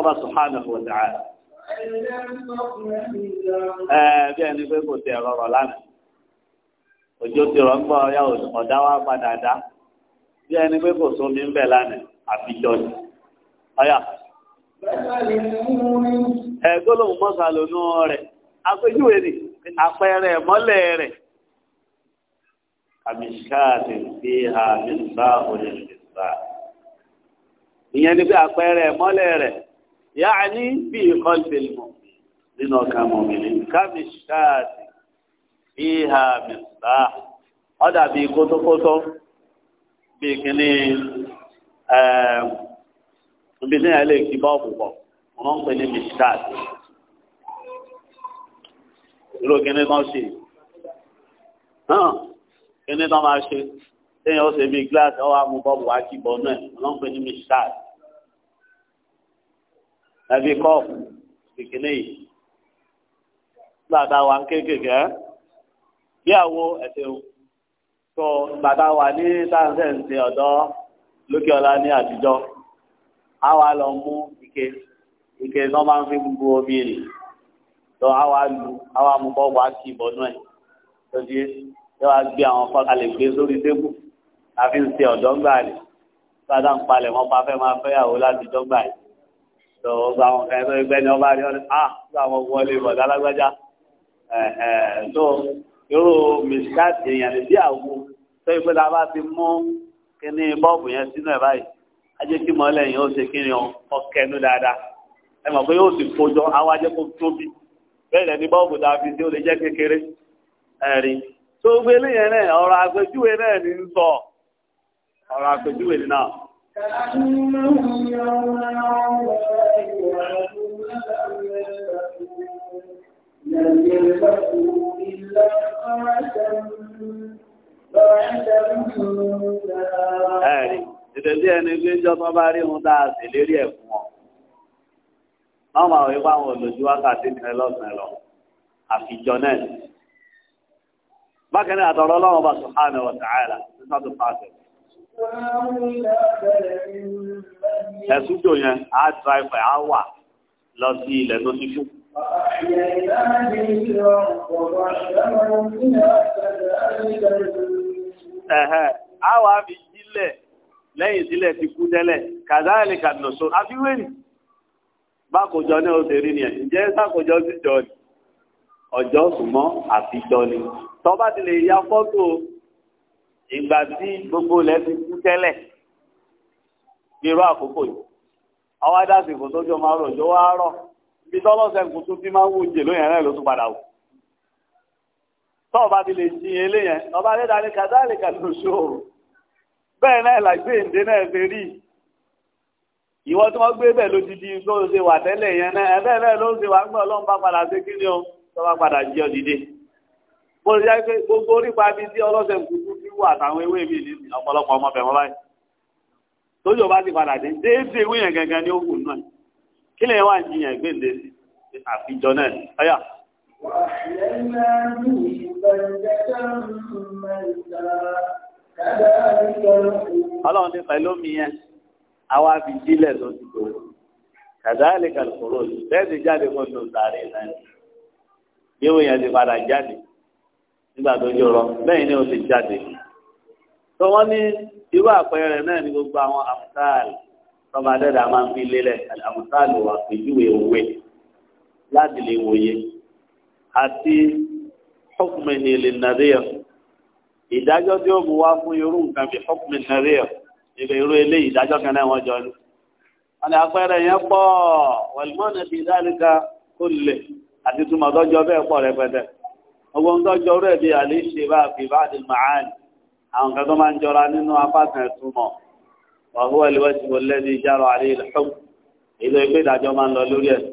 ọba subhanahu wa ta'ala. ẹ bí ẹni pé kò tẹ lánàá ti rọ̀ ń gbọ́ wa padà dá bí ẹni pé kò ń lánàá àbíjọ ni. ọ̀yà. ẹ̀gbọ́n mọ́sàlónú rẹ̀ àpèjúwe ni àpẹẹrẹ mọ́lẹ̀ rẹ̀. àmìṣkáàtì fi hà mí bá òní ìgbà. ìyẹn ni pé àpẹẹrẹ mọ́lẹ̀ rẹ̀ ní bí ìkọ́lùfẹ́ mọ̀ nínú ọkàn mọ̀mìnì kàmìṣkáàtì fi hà mí bá Ọ bíi kótókótó bíi kìíní níbi tí yẹn lè kí bọ́ọ̀bù pọ̀ wọ́n ń pè ní mistad irú kíní kan ṣe hàn kíní kan máa ṣe téèyàn ó ṣe bíi gíláàsì ọwọ́ amú bọ́ọ̀bù wá kí bọ́ọ̀ náà wọ́n ń pè ní mistad ẹbí kọ́ọ̀pù kíkíní yìí gbàdá wa ń kéékèèké bí àwo ẹ̀sìn tó gbàdá wa ní táǹsẹ̀ ń ṣe ọ̀dọ́ lókè ọ̀la ní àtijọ́ a wá lọ mú ike ike tó máa ń fi gbogbo omi rè tó a wá lu a wá mú bọ́ọ̀bù àti ìbọnú ẹ̀ tó di yẹ wá gbé àwọn fọ́ọ̀kà lè gbé sórí tébù àfi ń ṣe ọ̀dọ́gbà rè gbàdá ń palẹ̀ wọn pa fẹ́ máa fẹ́yàwó láti dọ́gbà yìí tó gba àwọn kan tó gbẹ́ ni ọba rí ọ́ ní à gba àwọn wọlé bọ̀dá lágbájá tó irú mìsíkàtì èèyàn lè bí àwo tó ìpínlẹ̀ abá ti mú kíní bọ́ọ̀bù yẹn sínú ẹ̀ báyìí. ajé kí mọ́lẹ̀ yẹn ó ṣe kí ni ọkẹnu dáadáa ẹ mọ̀ pé yóò sì kójọ àwọn ajé kó tóbi bẹ́ẹ̀ lẹ́ni bọ́ọ̀bù tá a fi sí ó lè jẹ́ kékeré ẹ̀rí tó gbé léyìn náà ọ̀rọ̀ àpèjúwe náà ní ń sọ ọ̀rọ̀ àpèjúwe náà. Ẹ̀rí. ìdẹ̀bí ẹni pé jọ́tọ́ bá rí ohun tá a sì lérí ẹ̀ fún wọn. wọ́n máa wí pé àwọn olójú wákàtí kan lọ́sàn-án lọ àfijọ́ náà ni. bákan náà àtọ̀rọ̀ ọlọ́run bá subhanahu wa ta'ala nípa tó pàṣẹ. ẹ̀sùn jò yẹn á dráìfẹ̀ á wà lọ sí ilẹ̀ tó ti fún. Ẹ̀hẹ̀, a wà fi jílẹ̀ lẹ́yìn sílẹ̀ ti kú tẹ́lẹ̀ kàdáàlì kàdùnàṣọ àfiwéèrè bákòjọ náà ó ṣeré nìyẹn ǹjẹ́ sákòjọ sí jọ ni ọjọ́ súnmọ́ àfijọ́ ni tọ́ba ti lè ya fọ́tò ìgbà tí gbogbo ilẹ̀ ti kú tẹ́lẹ̀ nírú àkókò yìí ọwọ́ adásì kò tó jọ máa rò jọ wá rọ̀ ibi tọ́lọ́sẹ̀ kò tún ti máa ń wúje lóyìn rẹ̀ ló tún padà wò tọ́ọ̀ba ti lè jí eléyẹn ọba lẹ́dàá ní kàdáàlì kàdùnàṣọ òru bẹ́ẹ̀ náà làgbé èdè náà ṣe rí ìwọ tí wọ́n gbé bẹ́ẹ̀ lódìdí ló ń ṣe wà tẹ́lẹ̀ yẹn náà ẹ̀bẹ́ náà ló ń ṣe wà ńgbọ́n ọlọ́run bá padà ṣe kí ni o tó bá padà jí ọ dìde mo rí i pé gbogbo orípa mi tí ọlọ́sẹ̀ kúkú fi wà àtàwọn ewé mi ní ọ̀pọ̀lọpọ̀ ọmọbẹ̀ wọn báyìí tójú ọba ti padà dé déédéé ewé yẹn gangan ni ó kù náà kí lè wá jiyàn gbèǹde àfijọ náà ọyà. wàá ọlọ́run ti pẹ̀lú mi yẹn àwa fi sílẹ̀ tó ti tó kàdáàlì kàlùkòrò bẹ́ẹ̀ ti jáde kó tó sàárè náà bí wọ́n yẹn ti padà jáde nígbà tó yọ lọ bẹ́ẹ̀ ni ó ti jáde tó wọ́n ní irú àpẹẹrẹ náà ní gbogbo àwọn àmúsáàlì tọ́ba máa ń fi lélẹ̀ àmúsáàlì wà pèjúwe òwe láti lè wòye àti ọkùnrin ní ilé nàdíyàn ìdájọ́ tí ó mú wá fún irú nǹkan bí hukmin nàríà ìgbà irú ilé ìdájọ́ kan náà wọ́n jọ ní. wọ́n ní apẹ́rẹ yẹn pọ̀ wẹ̀lmọ́nà ti dálíka kó lè àti túmọ̀ tọ́jọ́ bẹ́ẹ̀ pọ̀ rẹpẹtẹ. gbogbo ń tọ́jọ́ rẹ̀ bí alẹ́ ṣe bá fi bá di màáni àwọn kan tó máa ń jọra nínú apákan ìtumọ̀ wàhúwà lẹ́wọ́sì wọlé ní ìjáró àlẹ́ ìlú ìlú ìgbé ìdájọ́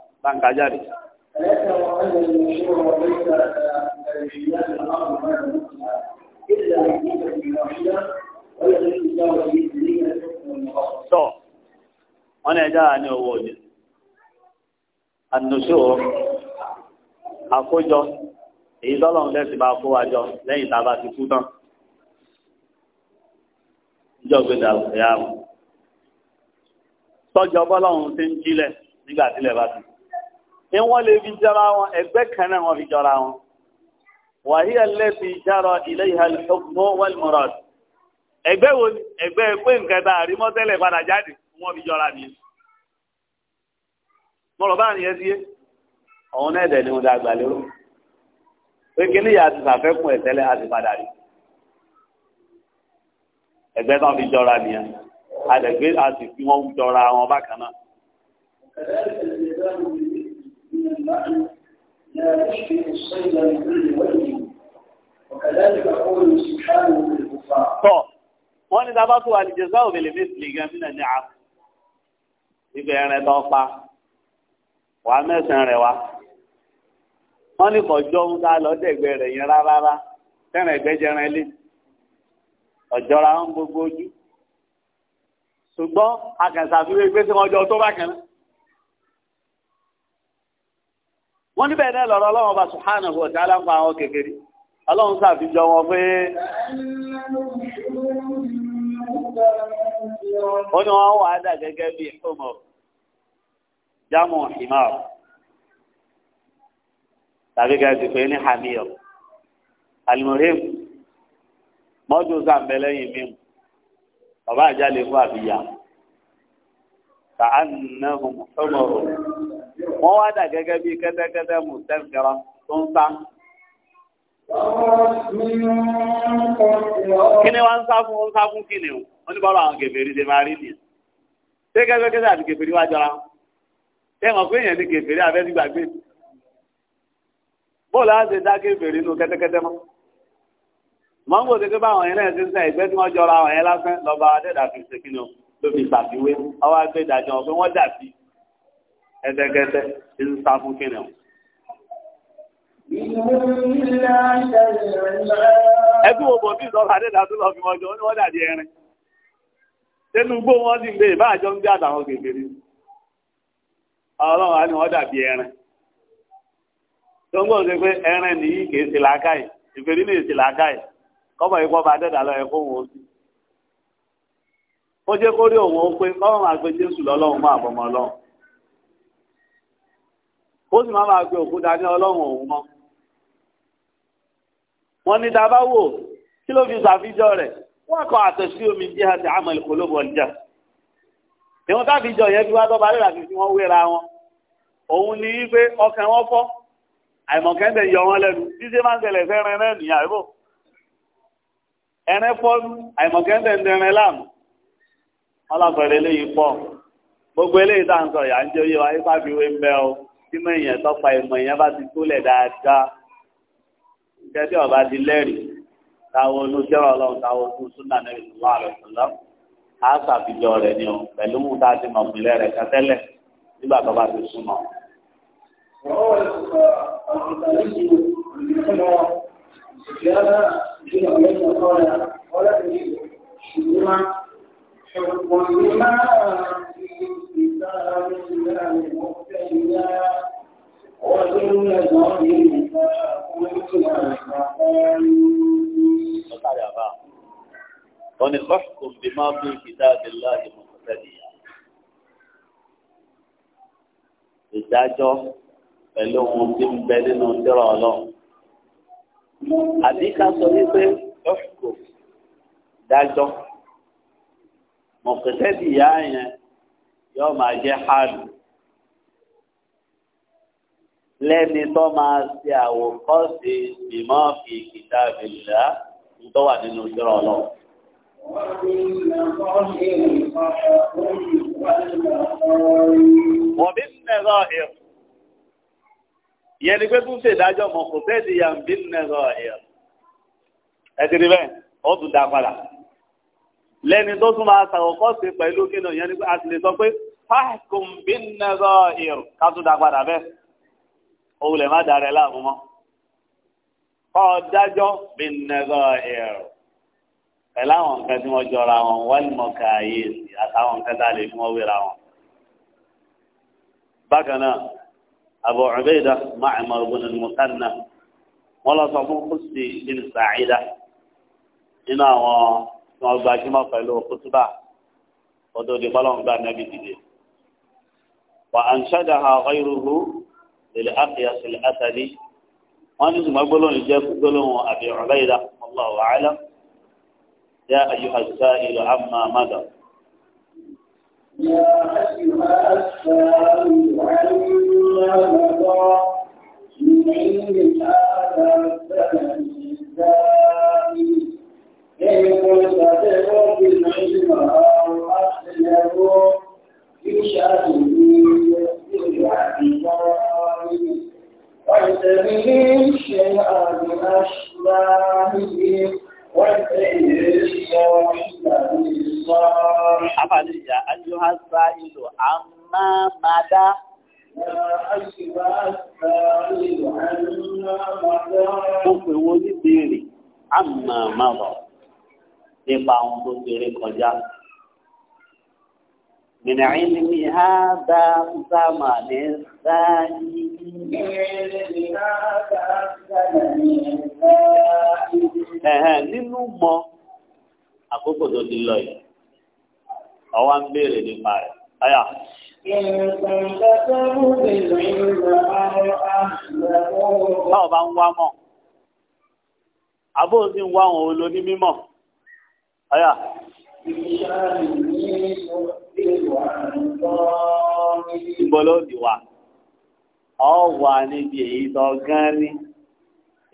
báńkà jáde. tọ́ wọ́n ní ẹja ní owó òjò àdùnnúṣe o àkójọ èyí tọ́lọ́run lẹ́sìn bá kó wa jọ lẹ́yìn tá a bá ti kú tán ìjọ gbẹdà ìyá tọ́jọ́ bọ́lọ́run ti ń jílẹ̀ nígbà tílẹ̀ bá ti kú ni wọ́n lè fi jọra wọn ẹgbẹ́ kan náà wọ́n fi jọra wọn. wàhí ẹlẹ́sì ìjárọ̀ ilé ìhàlùfọ́ wẹ́lmọ̀rọ̀d. ẹgbẹ́ wo ni ẹgbẹ́ pé nǹkan tá a rí mọ́tẹ́lẹ̀ padà jáde wọ́n fi jọra mi. mo rọ̀ báyìí ẹ síye ọ̀hún náà ẹ̀dẹ̀ ni mo da àgbà lérò. pé kí ni ìyá ti sàfẹ́kùn ẹ̀tẹ́lẹ̀ àti padà rí. ẹgbẹ́ tán fi jọra nìyẹn àdẹ̀gbé àti fi wọ́n jọra wọn bákan náà. من المعنى لا يشفي الصيد من كل وجه وكذلك قوله سبحانه للكفار wọ́n ní dábàá tó àlìjẹ́sá òbèlè méjìlè gan nínú ẹ̀ní à ibẹ̀ rẹ̀ bá pa wà mẹ́sàn-án rẹ̀ wá wọ́n ní kọjọ́ ń ká lọ́dẹ̀gbẹ́ rẹ̀ yẹn rárá tẹ́rẹ̀ ẹgbẹ́jẹrin lé ọ̀jọ́ra ń gbogbo ojú ṣùgbọ́n akẹ́sàfíwé gbé sí wọn jọ tó bá kẹ́rin. wọ́n níbẹ̀ náà lọ́rọ̀ ọlọ́run bá subhanahu wa ta'ala ń pa àwọn kékeré ọlọ́run sàfijọ́ wọn pé ó ní wọ́n wà dà gẹ́gẹ́ bí ọmọ jámù himar tàbí gẹ́gẹ́ pé ní hamil alimohim mọ́jú sàmbẹ́lẹ́yìn mímu ọba àjálẹ̀ fún àbíyá ka'annahum humurun. wọ́n wá dà gẹ́gẹ́ bí kẹ́tẹ́kẹ́tẹ́ mùsẹ́fìrà tó ń sá. kí ni wọ́n ń sá fún ń sá fún kí ni o wọ́n ní bọ́ọ̀lù àwọn kẹfẹ́rí ṣe máa rí nìyẹn. ṣé kẹ́tẹ́kẹ́tẹ́ àti kẹfẹ́rí wá jọra ṣé mọ̀ pé èèyàn ní kẹfẹ́rí abẹ́sí gbàgbé bọ́ọ̀lù á ṣe dá kẹfẹ́rí nù kẹ́tẹ́kẹ́tẹ́ mọ́. mọ́ngò ti pé báwọn yẹn náà ti ń sẹ́ ìgbẹ́ tí wọ́n jọra àwọn yẹn lásán lọ́ba adẹ́dàfíṣe kí ni o ló fi ọwọ́ agbẹ́dàjọ́ pé wọ́n dà ẹ̀ẹ́dẹ́gẹ́dẹ́ ti ń sá fún kíni o. ẹbí wo bọ̀ bí ìsọ̀rọ̀ tó lọ fi ní wọ́n ẹrin sì gbé ìbá àjọ ń àtàwọn ọlọ́run á ní wọ́n ẹrin tó ń pé ẹrin nìyí kìí ìfèrí kọ́mọ ikú ọba lọ wọn sí ó ó sì máa máa gbé òkú dání ọlọ́run òun mọ́ wọn ní tá a bá wò kí ló fi ṣàfijọ́ rẹ̀ wọ́n kọ àtẹ̀sí omi jẹ́ àti àmọ́ ìkólóbù ọjà ìwọ̀n táfijọ́ yẹn fi wá tọ́ balẹ̀ àti fi wọ́n wéra wọn òun ni wípé ọkàn wọn fọ́ àìmọ̀kẹ́ndẹ̀ yọ wọn lẹ́nu tí ṣe máa ń tẹ̀lẹ̀ fẹ́ràn náà nìyà ẹ̀bọ̀ ẹ̀rẹ́ fọ́nú àìmọ̀kẹ́ndẹ̀ ń dẹrẹ láàmú ọlọ́pẹ̀rẹ̀ eléyìí pọ̀ gbogbo eléyìí tá à ń sọ ìyà ń jẹ́ oyé wa ipá fi wé ń bẹ́ o tí mọ èèyàn tọpa ìmọ̀ èèyàn bá ti tó lẹ̀ dáadáa kẹ́tí ọba ti lẹ́rìí táwọn olùjẹ́ ọlọ́run táwọn ojú súnà nẹ́rì tó wà lọ́sùn lọ á ṣàfihàn rẹ̀ ni o pẹ̀lú mú tá a ti mọ̀ pínlẹ̀ rẹ̀ kẹtẹ́lẹ̀ nígbà tó bá ti súnmọ́. وَمِمَّا فِي كِتَابِ اللَّهِ مُخْتَلِفًا wọ́n ní fọ́ṣùkùn bí máa fi kitabillah muqtadiya. ìdájọ́ pẹ̀lú ohun tí ń bẹ nínú tírà ọlọ́run. àbí ká sọ wípé fọ́ṣùkùn dájọ́ muqtadiya yẹn yóò máa jẹ́ hàlù. lẹ́ni tó máa ṣe àwòkọ́ṣe ìmọ̀ fi kitabillah tó wà nínú ìṣòro ọlọ́run. wọ́n bí nẹ̀rọ ẹ̀ yẹn ni pé tún ṣe ìdájọ́ mọ̀ kò sẹ́ẹ̀dì yàn bí nẹ̀rọ ẹ̀ ẹ ti rí bẹ́ẹ̀ ó tún dá padà lẹ́ni tó tún máa ṣàwòkọ́ṣe pẹ̀lú kí ni yẹn ni pé a ti lè sọ pé fáàkùn bí nẹ̀rọ ẹ̀ ká tún dá padà bẹ́ẹ̀ òun lè má darẹ̀ láàmú mọ́ kọ́ dájọ́ bí nẹ́gọ́ ẹ̀rọ pẹ̀lú àwọn nǹkan tí wọ́n jọra wọn wọ́n mọ̀ káyé e sí àtàwọn nǹkan tá a lè fi wọ́n wéra wọn. bákan náà Abu Ubaida Ma'mar ibn al-Musanna wọ́n lọ sọ fún kùsì bin Sa'ida nínú àwọn tí wọ́n gbajúmọ̀ pẹ̀lú kútúbà ọdọ̀ òdìbọ́lọ́ ń gbà nẹ́bí dìde. wà á ń ṣẹ́dá ha ghayruhu lèlè àkìyàsí àtàlí wọn ní ṣùgbọ́n gbólóhùn jẹ́ gbólóhùn àbí ọ̀rẹ́yìdá wallahu a'lam yá ayuha as-sa'ilu amma madha. يا أيها السائل عما مضى من علم هذا الزمن الزاني إن كنت تدعو بالعلم أو أخذه في شأنه يصير عبدا ويسميه الشيء بأشباهه أفعل يا أيها السائل عما مدى Tó pè wo ní béèrè, àmà máa bọ̀ nípa ohun tó béèrè kọjá. من علم هذا الزمن الثاني ẹ̀hẹ́n nínú mọ àkókò tó ti lọ yìí ọwọ́ ń béèrè nípa rẹ̀ ayà. báwo bá ń wá mọ̀ àbó sì ń wá àwọn olóní mímọ̀ ayà ìbọ̀lọ́ ti wà ọ wà níbi èyí tó gán ní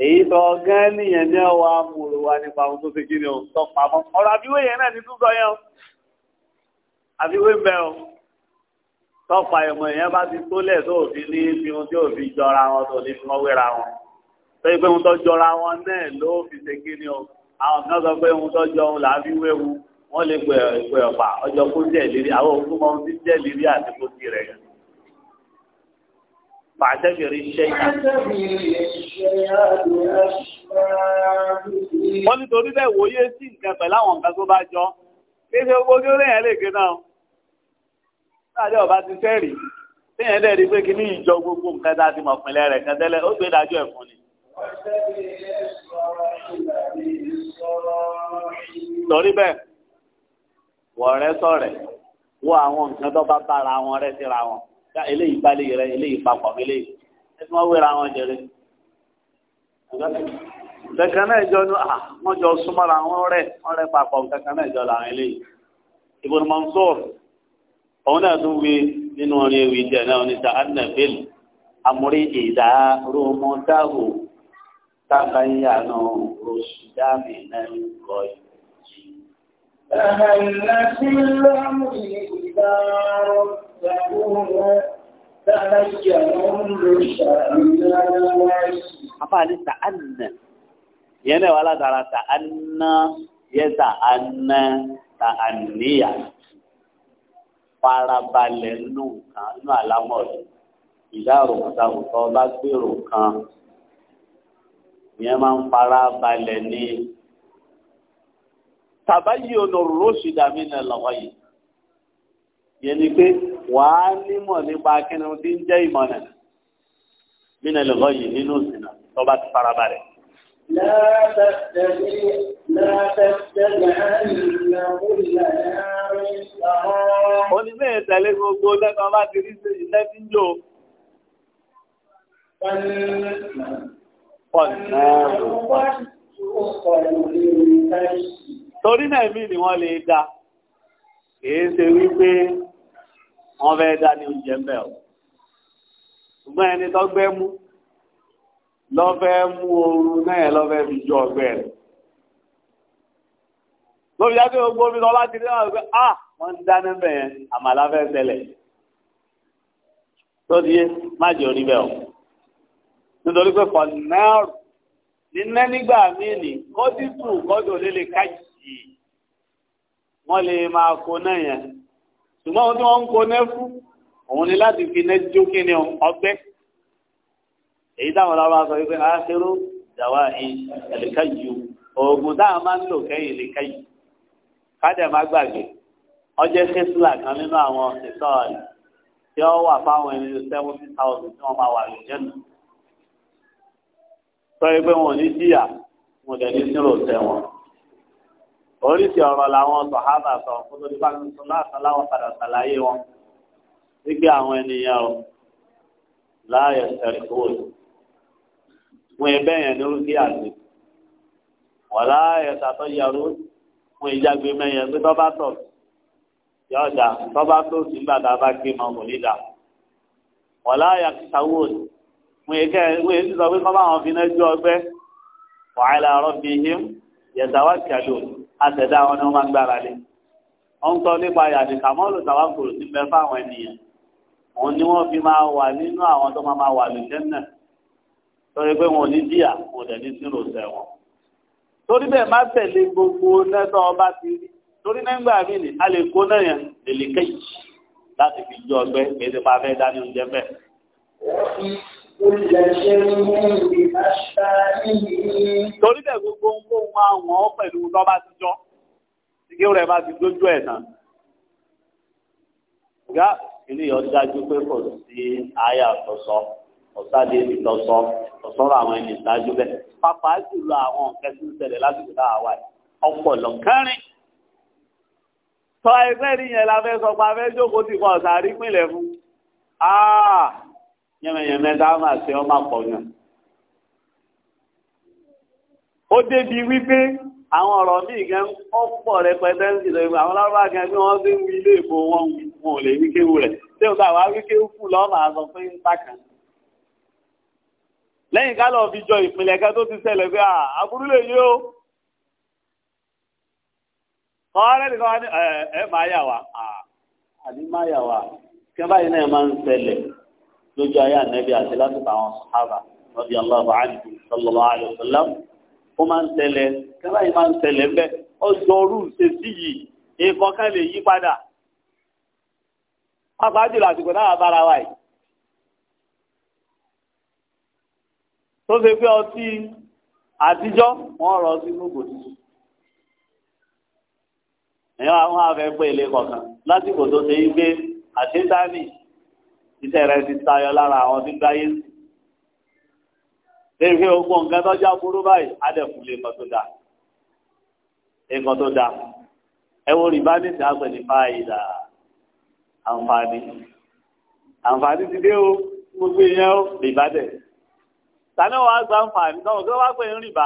èyí tó gán ní yẹn ní ọwà múrò wa nípa ohun tó ṣe kí ni ohun tó pamọ́ ọ̀rọ̀ àbíwé yẹn náà ti tún sọ yẹn àbíwé ń bẹ o tọ́pa ìmọ̀ èèyàn bá ti tó lẹ̀ tó òfin ní fi ohun tí òfin jọra wọn tó ní fi wọ́n wọn tó yẹ pé ohun tó jọra wọn náà ló fi ṣe kí ni o àwọn kan sọ pé ohun tó jọ ohun làá fi wọ́n lè gbẹ ìgbẹ ọ̀pá ọjọ́ kó jẹ́ ìlérí àwọn òkúmọ ohun tí jẹ́ ìlérí àti kó ti rẹ̀ yẹn. Fàtẹ́bìrì iṣẹ́ yìí. Wọ́n nítorí bẹ́ẹ̀ wòye sí nǹkan pẹ̀lú àwọn nǹkan tó bá jọ. Kéde owó kí ó léyìn lè gé náà. Láàdé ọba ti fẹ́rì. Téèyàn dẹ̀ rí pé kí ní ìjọ gbogbo nǹkan tá a ti mọ̀ pínlẹ̀ rẹ̀ kan tẹ́lẹ̀ ó gbé dájọ́ ẹ̀fọn ni. Torí bẹ́ẹ̀ wọ̀rẹ́ sọ̀rẹ́ wọ àwọn nǹkan tó bá bára wọn rẹ síra wọn ká eléyìí bá lè rẹ eléyìí papọ̀ eléyìí ẹ tí wọ́n wéra wọn jẹrẹ. kankan náà jọ ní à ah, wọ́n jọ súnmọ́ra wọn rẹ wọ́n rẹ papọ̀ kankan náà jọ làwọn eléyìí. Ibn Mansur òun náà tún wí nínú orin ewì jẹ náà ní sa anabel amúrí ìdá romodahu tábàyànà rosùdámì náà ń kọ́ yìí. أهلت الأمر إذا ربه Apa ni ta'anna? Yẹn náà wà látara ta'anna, yẹ ta'anna, ta'anniya. Farabalẹ̀ nù kan nù àlámọ̀lẹ̀. Ìdárò kùtàkùtà ọba gbèrò kan. Ìyẹn máa ń farabalẹ̀ ní tàbáyọ̀nà rọ́ọ̀ṣì dàbí ní ẹ̀lọ́wọ́ yìí yẹn ni pé wàá nímọ̀ nípa kíni tí ń jẹ́ ìmọ̀ náà bí ní ẹ̀lọ́wọ́ yìí nínú ìsìnà tó bá ti fara balẹ̀. Onímọ̀ ìtẹ̀lé gbogbo lẹ́kọ̀ọ́ bá ti rí sí ìlẹ́sìn jò. Pọ̀nà. Pọ̀nà torí náà mí ni wọ́n lè dá kìí ṣe wípé wọ́n fẹ́ dá ní oúnjẹ ń bẹ̀ ọ́ ṣùgbọ́n ẹni tó gbẹ́ mú lọ́fẹ́ mú ooru náà lọ́fẹ́ fi jọ ọgbẹ́ rẹ̀ lórí yàtọ̀ gbogbo omi lọ láti rí ọgbẹ́ ah wọ́n ń dáná bẹ̀yẹn àmàlà fẹ́ ṣẹlẹ̀ tó di yé má jẹ́ orí bẹ́ẹ̀ o nítorí pé fọ̀nẹ́rù níná nígbà míì ní kọ́dítù kọ́dù lélẹ̀ káyì kì í wọ́n lè máa kó náà yẹn ṣùgbọ́n ohun tí wọ́n ń kó náà fún òun ni láti fi náà jó kí ni ọgbẹ́ èyí táwọn lábá sọ wípé áṣírò jàwá ẹ̀lẹ́kàjù oògùn táwọn máa ń lò kẹ́yìn ẹ̀lẹ́kàjù kádẹ̀ má gbàgbé ọjọ́ kẹ́sìlà kan nínú àwọn ìsọ̀rọ̀ tí ó wà fáwọn ẹni seventy thousand tí wọ́n máa wà lójẹ́ nù sọ wípé wọn ò ní jìyà wọn ò dẹ̀ ní sírò tẹ̀wọ̀n oríṣi ọ̀rọ̀ làwọn sọ̀hábà sọ fún tó nípa tuntun láàtọ̀ láwọn padà ṣàlàyé wọn wípé àwọn ènìyàn o láàyè sẹ̀rí kóòlù wọn ẹ bẹ́ẹ̀ yẹn ní orúkí àgbè wọn láàyè sàtọ́ yẹrú wọn ìjàgbé mẹ́yẹ pé tọ́ bá tọ̀ yọ ọjà tọ́ bá tó sí gbàdá bá gbé mọ́ kò ní láàyè sáwó wọn èké wọn èsì sọ pé kọ́ bá wọn fi náà jó ọgbẹ́ wàhálà rọ́bì yìí yẹ àtẹ̀dá wọn ni wọ́n máa ń gbára lé wọ́n ń sọ nípa yàtì kàmọ́ọ̀lù tàwákùrù ti bẹ fáwọn ènìyàn òun ni wọ́n fi máa wà nínú àwọn tó máa wà lùjẹ́ náà torí pé wọn ò ní díà kò dẹ̀ ní sírò sẹ́ wọn. torí bẹ́ẹ̀ má tẹ̀lé gbogbo nẹ́tọ́ ọba ti rí torí nẹ́ngbà mí ni a lè kó náà yẹn lèlè kéjì láti fi jọ ọgbẹ́ èdè pa fẹ́ dání oúnjẹ bẹ́ẹ̀. torí bẹ́ẹ̀ gbogbo ohun wọ́n pẹ̀lú tó bá ti jọ ìgbé rẹ̀ bá ti dójú ẹ̀ tán. ìgbà ilé yọ dájú pé kò sí àyà tọ̀sọ̀ ọ̀sáde ìtọ̀sọ̀ ọ̀sọ́rọ̀ àwọn ẹni ìdájú bẹ́ẹ̀. pápá jùlọ àwọn nǹkan tí ń ṣẹlẹ̀ lásìkò tá a wà yìí ọpọlọ kẹrin. sọ ẹgbẹ́ rí yẹn la fẹ́ sọ pé a fẹ́ jókòó ti kọ ọ̀sà rí pínlẹ̀ fún. yẹmẹyẹmẹ dáhùn àti ọmọ àpọ̀yàn ó débi wípé àwọn ọ̀rọ̀ míì gan ọ̀pọ̀ rẹpẹtẹ ń sì lọ ìgbà àwọn lọ́rọ̀ gan bí wọ́n ti ń wí ilé ìbò wọn wọn ò lè wí kéwù rẹ̀ tí ó gbà wá wí kéwù kù lọ́mà sọ pé ń tàkàn. lẹ́yìn ká lọ fi jọ ìpínlẹ̀ kan tó ti ṣẹlẹ̀ pé àbúrú lè yí o. ọ̀rẹ́ nìkan wá ní ẹ máa yà wá àní máa yà wá kí wọ́n báyìí náà máa ń ṣẹlẹ̀ lójú ayé ànẹ́bí àti lásìkò àwọn sàhábà lọ́dí ó máa ń tẹ̀lé kẹ́lá yìí máa ń tẹ̀lé ń bẹ́ ọjọ́ orú ṣèṣì yìí nǹkan kan lè yí padà pàápàá jùlọ àsìkò náà bára wa yìí. tó ṣe pé ọtí àtijọ́ wọ́n rọ sínú gòtì èèyàn àwọn afẹ́ pé ilé kọ̀ọ̀kan lásìkò tó ṣe yí pé àṣetánì iṣẹ́ rẹ̀ ti tayọ lára àwọn tí gbáyé sí. Ehe ogun nǹkan tó já burú báyìí, adẹ̀kùn lè kọ́ tó dà. Nǹkan tó dà. Ẹ rìbá ní ìsìn àgbẹ̀ fáìlà àǹfààní. Àǹfààní ti dé o, gbogbo ìyẹn o, rìbá dẹ̀. Tani wàá gba àǹfààní náà, kí wọ́n pè ń rìbá.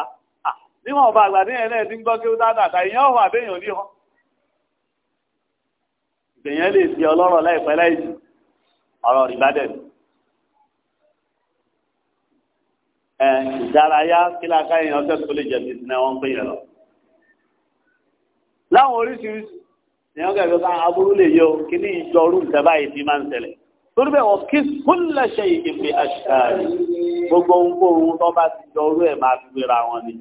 Níwọ̀n ọba àgbà ní ẹ̀rẹ́ ti gbọ́ kí ó dáadáa, tà ìyẹn ọ̀hún àbẹ́yàn ní ọ. Ìgbẹ̀yẹn lè fi ọlọ́rọ̀ láìpẹ́ láì ọ̀rọ̀ rìbá dẹ̀ ni. ìdárayá kí láká yẹn ọ̀sẹ̀ tó lè jẹ títí náà wọ́n ń pè yẹn lọ. láwọn oríṣiríṣi ni wọ́n kẹ́kẹ́ bá aburú lè yọ kí ní ìjọrú nǹkan báyìí ti máa ń ṣẹlẹ̀ torí bẹ́ẹ̀ wọ́n kí kúnlẹ̀ ṣe ìgbìmọ̀ àṣàrì gbogbo ohunkóhun tó bá ti jọrú ẹ̀ máa fi wéra wọn ni.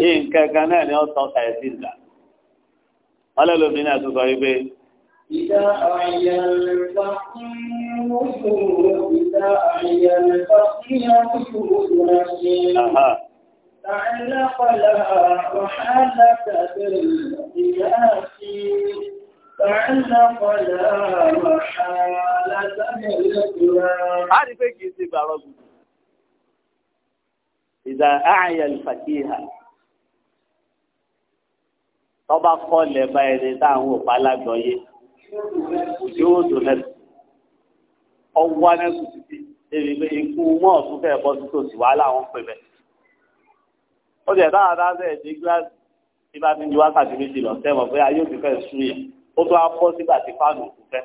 nǹkan kan náà ni wọ́n tọ́ka ẹ̀ sí ìgbà. wọ́n lẹ́lòmínà tó sọ wípé إذا أعيا الفقير إذا أعيا الفقير نفسي تعلق لها محالة بالقياس تعلق لها محالة بالقياس عارف ايه كيسي بقى رجل إذا أعيا الفقيه tọ́ba kọ́ lẹ́ba ẹni táwọn ò pa lágbọ́yé yóò dùn lẹ́nu ọwọ́ anẹ́sùn títí èrè pé ikú mọ́ ọ̀tún fẹ́ bọ́ sí tòsí wàhálà wọn pè bẹ́ẹ̀. ó jẹ́ táwọn adáṣẹ́ ẹ̀dí gíláàsì tí bá ti ń ju wákàtí méjì lọ sẹ́wọ̀n pé ayé òfin fẹ́ sún yẹn ó tún á bọ́ sígbà tí fáànù òkú fẹ́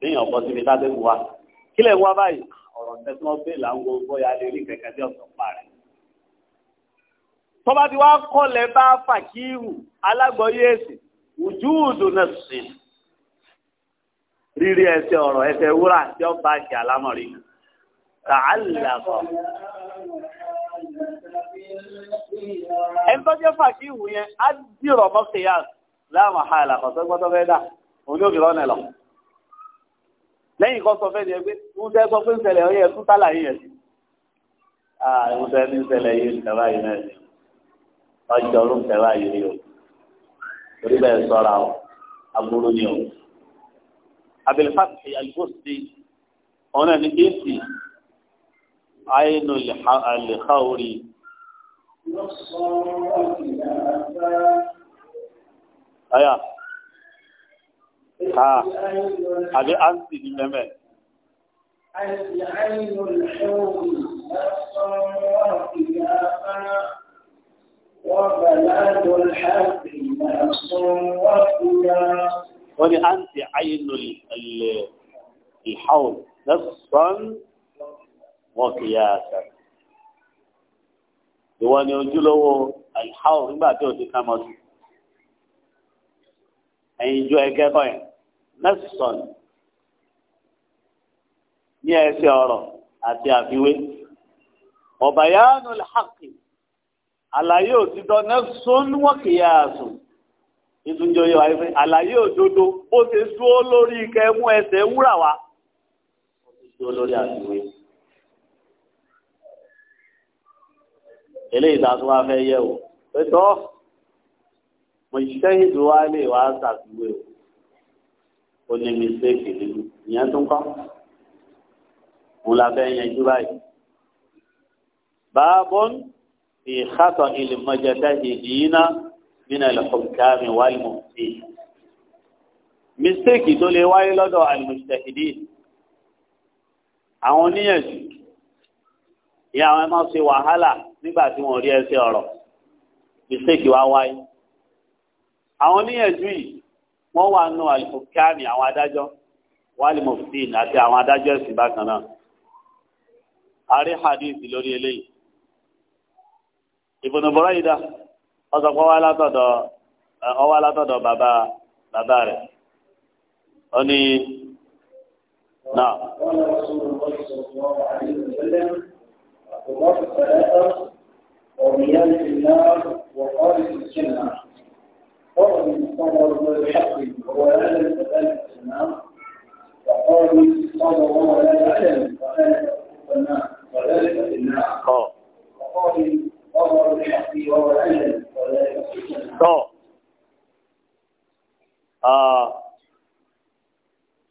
léèyàn bọ́ síbi tábẹ́kù wa kí lẹ̀ ń wá báyìí ọ̀rọ̀ tẹ́ tí wọ́n gbé làwọn bóyá lè rí kẹ̀kẹ́ bí ọ̀sán pa rẹ̀. tọ́ba ti wá kọ́lẹ̀ bá fàkírù alágbọ̀yé èsì wùjú ìdùnnà sí i rírí ẹsẹ̀ ọ̀rọ̀ ẹsẹ̀ wúrà tí ó bá ṣe àlámọ̀rí tààlàkọ̀. ẹni tó jẹ́ fàkíhù yẹn á dìrọ̀ mọ́ kìyàs láàmà àlàkọ̀ tó gbọ́dọ̀ fẹ́ dà òun ní òkìlọ́ nẹ̀ lọ. lẹ́yìn kan sọ fẹ́ni ẹgbẹ́ ń tẹ́ sọ pé ń ṣẹlẹ̀ ọyẹ ẹ̀kú tálà yìí yẹn. àwọn tẹ́ ní ṣẹlẹ̀ yìí ń yìí náà ọjọ́ ọdún tẹ̀lá yìí o torí bẹ́ẹ̀ sọ́ra o agbóró ni o. ابي الفتح البصري هنا نجيسي عين الخوري ايا أيوة. ها ابي انت دي عين الحوري وبلاد الحق نصر وقيا wọ́n ní àǹtí àyínú ìhàwù lẹ́sàn wọ́n kì í àṣà. ìwọ ni ojúlówó ìhàwù nígbà tí o ti ká mọ́tò. ẹ̀yin àti àfiwé. ọ̀bàyánú lẹ́hàkì àlàyé òtítọ́ lẹ́sàn wọ́n kì í àṣà ìtúnjọ yẹ wáyé pé àlàyé òdodo bó ṣe sú ó lórí kẹmú ẹsẹ̀ wúrà wá ó ti sú ó lórí àfiwé. eléyìí tá a tún wá fẹ́ yẹ̀ wò pé tọ́ mo ṣiṣẹ́ ìlú wa lè wá ṣàfiwé o ó ní mistake nínú ìyẹn tún kọ́ òun la fẹ́ yanjú báyìí. báàbọ̀n ìhàtọ̀ ìlú mọ̀jẹ̀dá ìdí náà nínú ẹlẹ́kọ̀ọ́kárìn wáyé mọ̀ sí i. mistake tó lè wáyé lọ́dọ̀ àlùmùsítẹ̀kìdì àwọn oníyànjú ìyá àwọn ẹ̀ma ṣe wàhálà nígbà tí wọ́n rí ẹsẹ̀ ọ̀rọ̀ mistake wá wáyé. àwọn oníyànjú yìí wọ́n wà nù àlùmùkárìn àwọn adájọ́ wáyé àti àwọn adájọ́ ẹ̀sìn bákan náà. a hadith lórí eléyìí. Ibn Burayda ọsọ kọ wá látọ̀dọ̀ ọwá látọ̀dọ̀ bàbá bàbá rẹ̀ ó ní náà. وبيان النار وقال الجنة قال صبر بالحق ولا تزال النار وقال صبر ولا تعلم ولا تكون النار وذلك في النار وقال to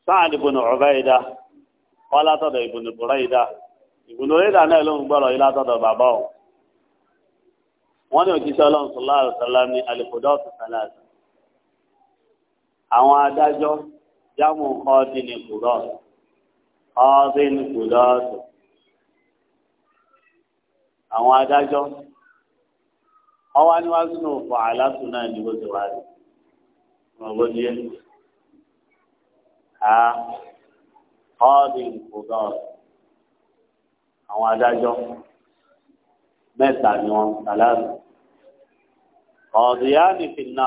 sáàdì ibùnú ọ̀bẹ́ìdá wọ́n látọ̀dọ̀ ibùnú bùrẹ́ìdá ibùnú orílẹ̀ náà ló ń gbọ́rọ̀ yìí látọ̀dọ̀ bàbá ọ̀ wọ́n ní òjíṣẹ́ ọlọ́run sọlá àrùsọ̀lá ní alìkòdọ́ọ̀tù sàlàsì àwọn adájọ́ jámù kọ́ọ̀dì ní kùdọ́ọ̀tù kọ́ọ̀dì ní kùdọ́ọ̀tù àwọn ọwọ́ aníwájú náà fọ àlàtú náà ní bó ti wá rí ọgbọ́n díẹ̀ a ọ́ọ̀dì nkùgá àwọn adájọ́ mẹ́ta ni wọ́n kàlárì ọ̀dìyá ní fìnnà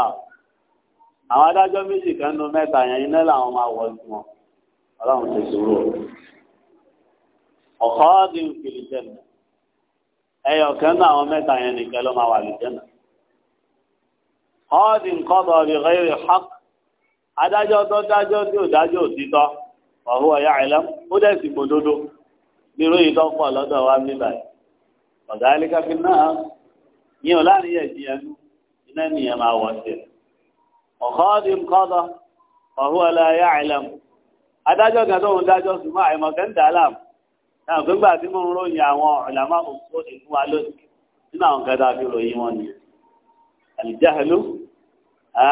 àwọn adájọ́ méjì kan nu mẹ́ta yẹn iná làwọn máa wọ̀ sí wọn ọlọ́run ti sòrò ọ̀kọ́ọ̀dì nkìlìjẹ́nì ẹyọ kan náà àwọn mẹ́ta yẹn nìkan ló máa wà lùjẹ́nà ọ́ọ̀dì nǹkan bọ̀ bí rẹ́rì hàk adájọ́ tó dájọ́ tí ò dájọ́ òtítọ́ ọ̀hún ọ̀yá ẹ̀lẹ́m ó dẹ̀ sì gbòdodo nírú yìí tó pọ̀ lọ́dọ̀ wa níbà yìí ọ̀gá ẹlẹ́kàfí náà yín ò láàrin yẹn jiyàn iná nìyẹn máa wọ̀ sí i ọ̀kọ́ọ̀dì nǹkan bọ̀ ọ̀hún ọ̀lá ẹ̀yá ẹ̀lẹ́m adájọ́ kan tó ń dájọ́ sùnmọ́ ń dà á náà gbégbà tí mo ń ròyìn àwọn ọ̀làmá òkú ní fún wa lónìí nínú àwọn kẹta fi ròyìn wọn ni alìjáhẹlú á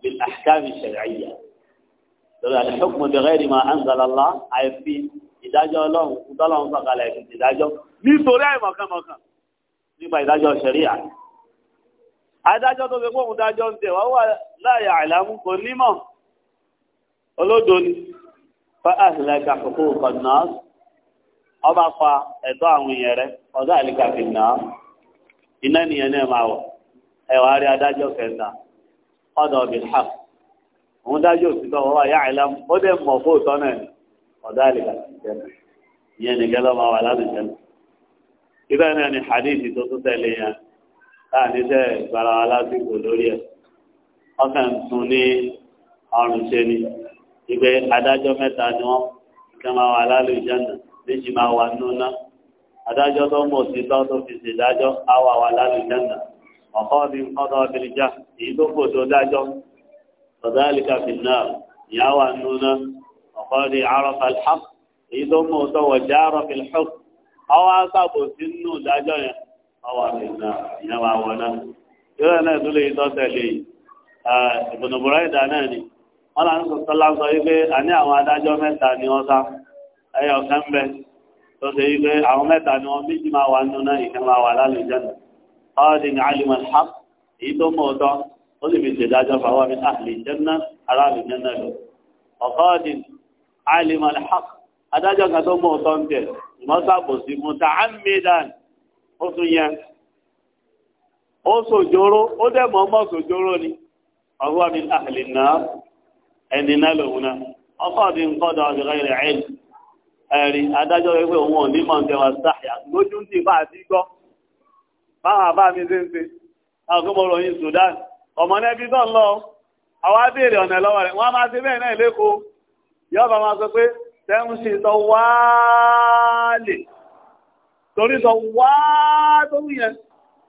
bí àkáàmì ṣẹ̀ráyà lórí àlẹ́fẹ́kùn mọ̀tẹ́rẹ́ ni mà á ń sàlálá àìfi ìdájọ́ ọlọ́run ìtọ́lọ́run sọ̀kalẹ̀ ìfi ìdájọ́ nítorí àìmọ̀kànmọ̀kàn nípa ìdájọ́ ṣẹ̀ríà adájọ́ tó fi gbóhùn dájọ́ ń tẹ̀ wá wà láàyè àìlámú kò nímọ̀ olódo ni fa àhìlẹ́kà kòkó kan ọba pa ẹ̀tọ́ àwọn èèyàn rẹ ọ̀dọ́ àlìkàfì náà iná nìyẹn náà máa wọ̀ ẹ̀wà rí adájọ́ kẹta ọ̀dọ̀ bilhaq òun dájọ́ òsìkọ́ wọ́n wà yá àìlám ó dẹ̀ mọ̀ fóòtọ́ náà ni ọ̀dọ́ àlìkàfì jẹ́nà ìyẹn nìkan lọ́ máa wà lánàá jẹ́nà ibẹ̀ náà ni hadithi tó tún tẹ̀lé yẹn láàrin iṣẹ́ ìgbàlá alásìkò lórí ẹ̀ ọ̀sán tún ní ọrùn ṣe ni ìgbé adájọ́ mẹ́ta ni wọ́n kí wọ́n máa wà lálẹ́ ìjẹ́nà méjì máa wà nínú náà adájọ́ tó mọ̀ sí tọ́ tó fi ṣèdájọ́ àwà wà lálùjẹ́nà ọ̀kọ́ bí ọ̀dọ́ abirijà èyí tó kò tó dájọ́ ọ̀dọ́ àlìkàfì náà ìyá wà nínú náà ọ̀kọ́ bí arọ́fà lḥàm èyí tó mọ̀ tó wọ̀ já arọ́fà lḥàm ọwọ́ asábò sí nínú ìdájọ́ yẹn ọwọ́ àfin náà ìyá wà wọ̀ náà ẹyọ ọ̀sán bẹ tó ṣe yí pé àwọn mẹ́ta ni wọ́n méjì máa wà nínú náà ìkan máa wà lálẹ́ ìjẹ́nu ọ́ọ́dì ní alimọ̀ hap èyí tó mọ̀ ọ́tọ́ ó sì fi ṣèdájọ́ fáwọn mi àlè ìjẹ́nu aráàlú lọ ọ̀kọ́ọ̀dì alimọ̀ hap adájọ́ kan tó mọ̀ ọ́tọ́ ń tẹ̀ mọ́sàbòsí muta'ammidan ó tún yẹn ó sòjóró ó dẹ̀ mọ́ mọ́ sòjóró ni ọ̀rọ̀ mi àlè ẹni náà lòun náà ọkọ̀ọ̀dì ẹ̀rí adájọ́ wípé òun ò ní mọ̀ ní sáàyà lójú ti bá àti báwọn àbá mi ṣe ń ṣe àwọn ọmọ Sudan ọmọ nẹ́bí tán lọ àwọn abéèrè ọ̀nà lọ́wọ́ rẹ̀ wọ́n máa ti bẹ́ẹ̀ náà lẹ́kọ̀ọ́ yọba máa sọ pé sọ torí sọ tó wù yẹn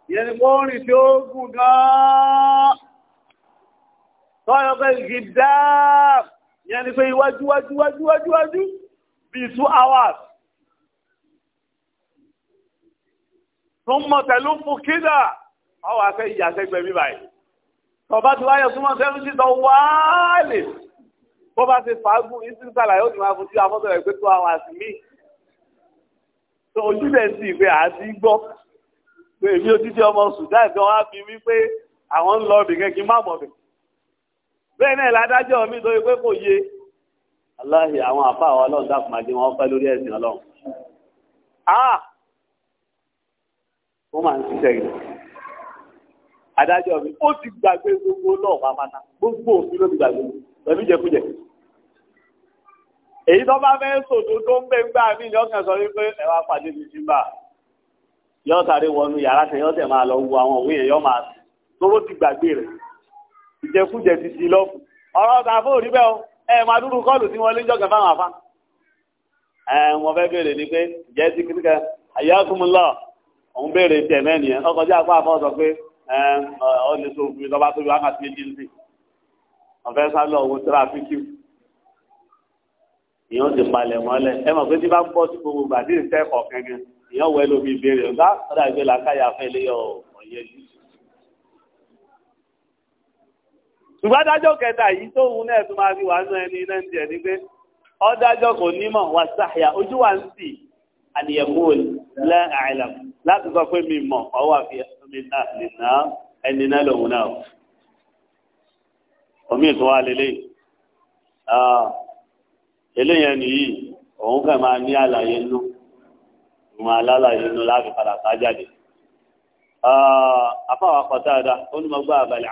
yẹn ni tí ó gùn gan pé bíi two hours tó ń mọ tẹ̀lú fún kídà ọwọ́ afẹ́ ìyàsẹ́gbẹ̀ mi báyìí tọba tí wáyọ̀ súnmọ́ sẹ́fúnsì tọ wáálè bó bá ṣe fàágùn ìsìn sàlàyé ó ti máa fojú afọ́sọ̀rọ̀ pé two hours mi tó ojúlẹ̀ sí ìpè àti gbọ́ pé èmi ò títí ọmọ Sudan tí wọ́n á bí mi pé àwọn ń lọ bìkan kí n má mọ̀ bẹ̀ bẹ́ẹ̀ náà ládájọ́ mi tó yẹ pé kò yé aláhì àwọn àfa àwọn ọlọ́run dákùnmájé wọn pẹ́ lórí ẹ̀sìn ọlọ́run ah wọ́n máa ń ṣiṣẹ́ yìí adájọ́ mi ó ti gbàgbé gbogbo lọ́ọ̀pá pátá gbogbo òfin ló ti gbàgbé pẹ̀lú jẹkújẹ èyí tó bá fẹ́ sòtò tó ń gbé gbá mi ni ọkàn sọ wípé ẹ wá pàdé mi sí bá yọ sáré wọnú yàrá kan yọ sẹ máa lọ wo àwọn òwe yẹn yọ máa tóró ti gbàgbé rẹ ìjẹkújẹ ti di lọ́ọ̀fù ọ̀rọ̀ ọ̀tà fóòrí bẹ́ẹ̀ o ẹ máa dúró kọ́ọ̀lù tí wọ́n lé jọ̀gàn fáwọn afá. ẹ wọn fẹ́ béèrè ni pé jẹ́ sí kíkẹ́ àyàkùnmùlọ òun béèrè tiẹ̀ náà nìyẹn ọkọ̀ tí apá afọ́ sọ pé ẹ ọ lè so òfin lọ́ba tóbi wákà sí méjì sí wọn fẹ́ sá lọ òun tẹ́lá fi kíw ti palẹ̀ mọ́lẹ̀ ẹ mọ̀ pé tí bá ń bọ́ sí gbogbo gbàdí ìtẹ́kọ̀ọ́ kẹ́kẹ́ ìyẹn wọ ṣùgbọ́n adájọ́ kẹta yìí tó hun náà tó máa fi wà nù ẹni náà ń jẹ ni pé ọdájọ́ kò nímọ̀ wà sáàyà ojú wa ń sì àníyẹ̀mọ́ọ̀lì lẹ́àìlàm láti sọ pé mi mọ̀ ọwọ́ àfi ẹ̀sùnmi náà ẹni náà omi wa Lelee eléyẹn nìyí òun kàn máa ní àlàyé nù ìmọ̀ alálàyé nù láti padà sájáde. afáwà kọ̀tà dá ó ní gbọ́ àbàlẹ̀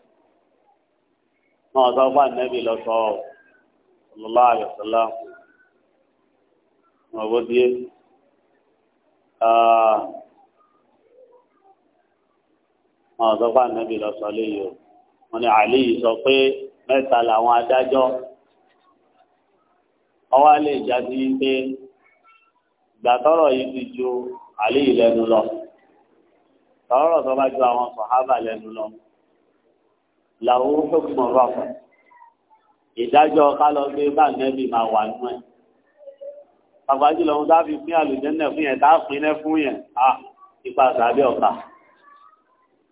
náà sọ fún ànábì lọ́sọ̀ ọ̀lọ́lá àyọ̀sọ́lá ọ̀bọ̀ díẹ̀ náà sọ fún ànábì lọ́sọ̀ léyìí o wọn ni àlè yìí sọ pé mẹ́ta làwọn adájọ́ ọwọ́ lè jáde pé gbàtọ́rọ̀ yìí ti ju àlè yìí lọ tọ́rọ̀ tó bá ju àwọn sọ̀hábà lẹ́nu lọ làwọn ó fẹ́ mọ̀ rọ̀pọ̀ ìdájọ́ ká lọ gbé bá nẹ́bí máa wà nú ẹ̀ pàpàjù lọ́wọ́ tá fi pín àlùjẹ́nẹ̀ fún yẹn tá pín iná fún yẹn à ipa sàbẹ̀ ọ̀tà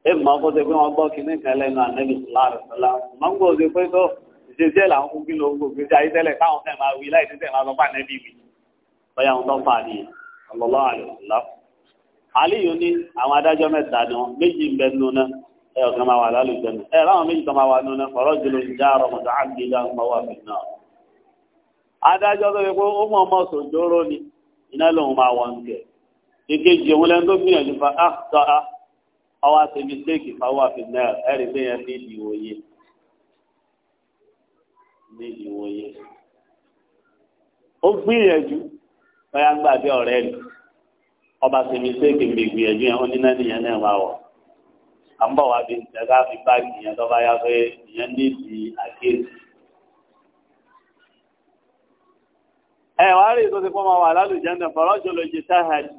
ẹ mọ̀ kó ṣe pé wọ́n gbọ́ kinní kan lẹ́nu ànẹ́bí sọláàrẹ̀ sọlá mọ̀ ń gbọ́ ṣe pé tó ìṣesí ẹ̀ làwọn kú kí ló ń gbòògbé sí ayé tẹ́lẹ̀ káwọn fẹ́ máa wí láì tẹ́tẹ́ máa lọ bá nẹ́bí wí bọ́yá wọn tó fà nìyẹn ọlọ́lọ́ àlè sọlá. ní àwọn adájọ́ mẹ́ta ni wọ́n méjì ń bẹ nínú náà ẹ̀rọ kan máa wà lálùjẹ́ náà ẹ̀rọ àwọn méjì kan máa wà nínú ọ̀rọ̀ jùlọ ìjà ọ̀rọ̀ mọ̀tà àgbélé àwọn wà fi náà. adájọ́ tó fi pé ó mọ̀ ọmọ sòjóró ni iná lòun máa wọ̀ nùkẹ́ ìkejì òun lẹ́nu tó gbìyànjú fa á ah, tọ́ a ah, ọwọ́ àti mistake fáwọn àfi náà ẹ̀rí pé yẹn ní ìwòye ní ìwòye. ó gbìyànjú báyà ń gbà bí ọ̀rẹ́ rẹ̀ ọba sì mistake gbìyànjú yẹn ó à ń bí ìjọba fi bá ìyẹn lọ́ba yá pé ìyẹn nídìí àkéèsì. ẹ wá rí tó ti fọ́ máa wà lálùjáde fọ́rọ́jọ́ ló jẹ sáhàdì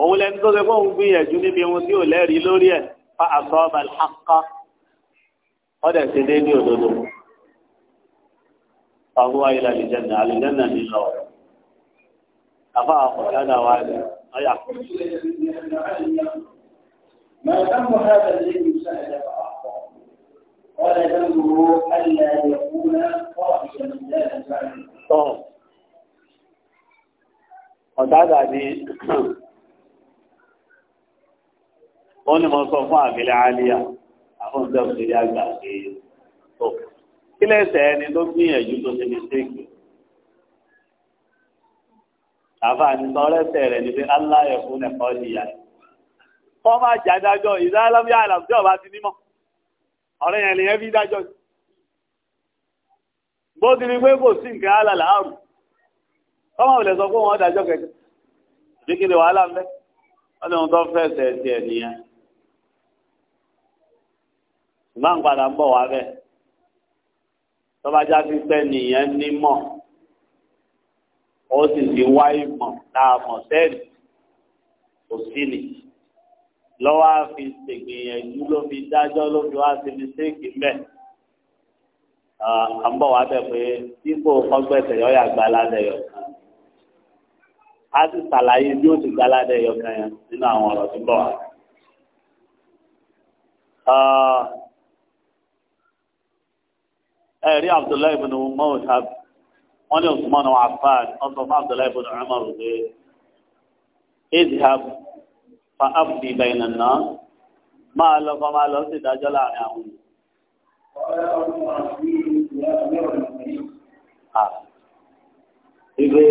òun lẹni tó ti fọ́ òun gbìyànjú níbi ohun tí ò lẹ́rìí lórí ẹ̀ fa àtọ́ ọba àkọ́ ọ̀dẹ̀ ti dé ní òdodo fahuwa ila aljanna aljanna ni lọ afa akọ̀dá wa ni ọ̀yà. ما ذنب هذا الذي سأل فأخطأ قال ذنبه ألا يكون قائلا لا يفعل ọ̀dádà ni wọ́n ni mo sọ fún àmìlẹ̀ àlíyà àwọn ọ̀dọ́ òṣèré àgbà pé tó kí lẹ́sẹ̀ ẹni tó gbìyànjú tó ṣe mistake àfa àti sọ lẹ́sẹ̀ rẹ̀ ni pé aláyẹ̀kú nẹ̀kọ́ ìyá rẹ̀ kọ́ máa jà dájọ́ ìdálámúyà àlàmújọ́ ọba ti nímọ̀ ọ̀rẹ́ yẹn lè yẹn fi dájọ́ bó ti ní pé kò sí nǹkan alàlà àrùn kọ́mọ̀ ìlẹ̀ sọ pé wọ́n dájọ́ kẹ̀kẹ́ bí kí ni wàhálà ń bẹ́ wọ́n ní wọn tó fẹ́ sẹ̀ sí ẹ̀ nìyẹn ṣùgbọ́n padà ń bọ̀ wá bẹ́ẹ̀ tọ́ba já sí pẹ́ nìyẹn nímọ̀ ó sì ti wá ìmọ̀ tá a mọ̀ sẹ́ẹ̀lì kò sí nìyẹn lọ́wọ́ á fi ṣègbìyànjú ló fi dájọ́ ló fi wá sí mistéèkì mbẹ́. à ń bọ̀ wá bẹ̀ pé dípò ọgbẹ́sẹ̀ yọ yà gba aládẹ yọ kan. a sì ṣàlàyé bí ó ti gba aládẹ yọ kan yẹn nínú àwọn ọ̀rọ̀ tó bọ̀ wá. ẹ̀rí abdullahi ibn mawtab wọ́n ní usman wa wọ́n sọ fún abdullahi ibn umar rẹ̀ pé idhab fa áfùdí bẹ̀yìnà náà máa lọ kọ́ máa lọ sí ìdájọ́ láàrin àwọn ènìyàn. Ìgbé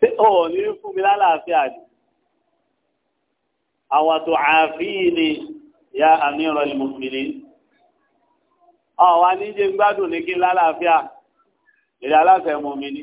tí ó ní fún mi lálàáfíà ni, àwàtò ààfin ni ya àmìrọ̀ ìmùsùlùmí. Ọ̀wà ní jẹ́ gbádùn ní kí lálàáfíà, ìdá aláfẹ́ mú mi ní.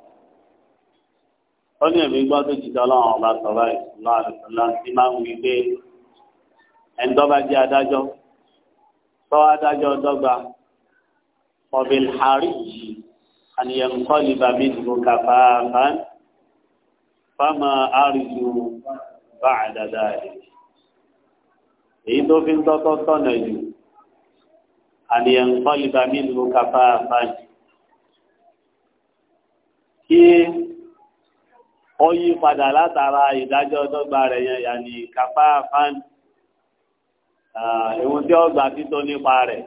ó ní èmi gbọ́ tó ti dọ́là àwọn ọba sọ̀rọ̀ ìṣúná àdùsọ́lá tí máa ń wí pé ẹni tó bá jẹ́ adájọ́ tó adájọ́ dọ́gba ọ̀bìn àríyí àníyàn kọ́lì bàbí ìdìbò kàfà fán fámà àríyù bá àdàdà rẹ̀ èyí tó fi ń tọ́tọ́ tọ̀nà jù àníyàn kọ́lì bàbí ìdìbò kàfà fán ó yí padà látara ìdájọ́ dọ́gba rẹ̀ yẹn yàní kápá fan ìwọ̀n tí ó gbà títọ́ nípa rẹ̀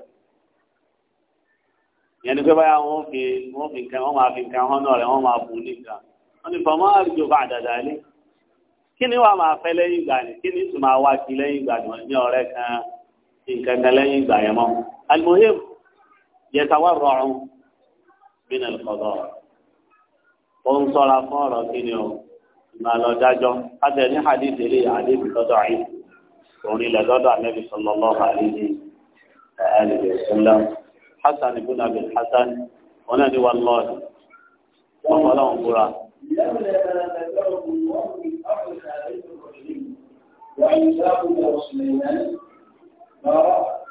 yẹn ni pé báyà wọ́n fi wọ́n fi nǹkan wọ́n máa fi nǹkan hàn náà rẹ̀ wọ́n máa bù nìkan wọ́n ní fọmọ́ àrùjọ bá àdàdà ní kí ni wàá máa fẹ́ lẹ́yìn ìgbà ni kí ni sì máa wá sí lẹ́yìn ìgbà ni wọ́n ní ọ̀rẹ́ kan nǹkan kan lẹ́yìn ìgbà yẹn mọ́ alimohim yẹtawa rọrùn bí nàìjíríà ó ń sọra fún ọ̀rọ̀ kí ni o máa lọ dájọ́ kájẹ ní hadith ilé hadith lọ́dọ̀ àyè orin ilẹ̀ lọ́dọ̀ anabi sallallahu alaihi alihi wasallam hasan ibn abi hasan wọn náà ní wà lọ́ọ̀dù wọn kọ́ lọ́wọ́ búra.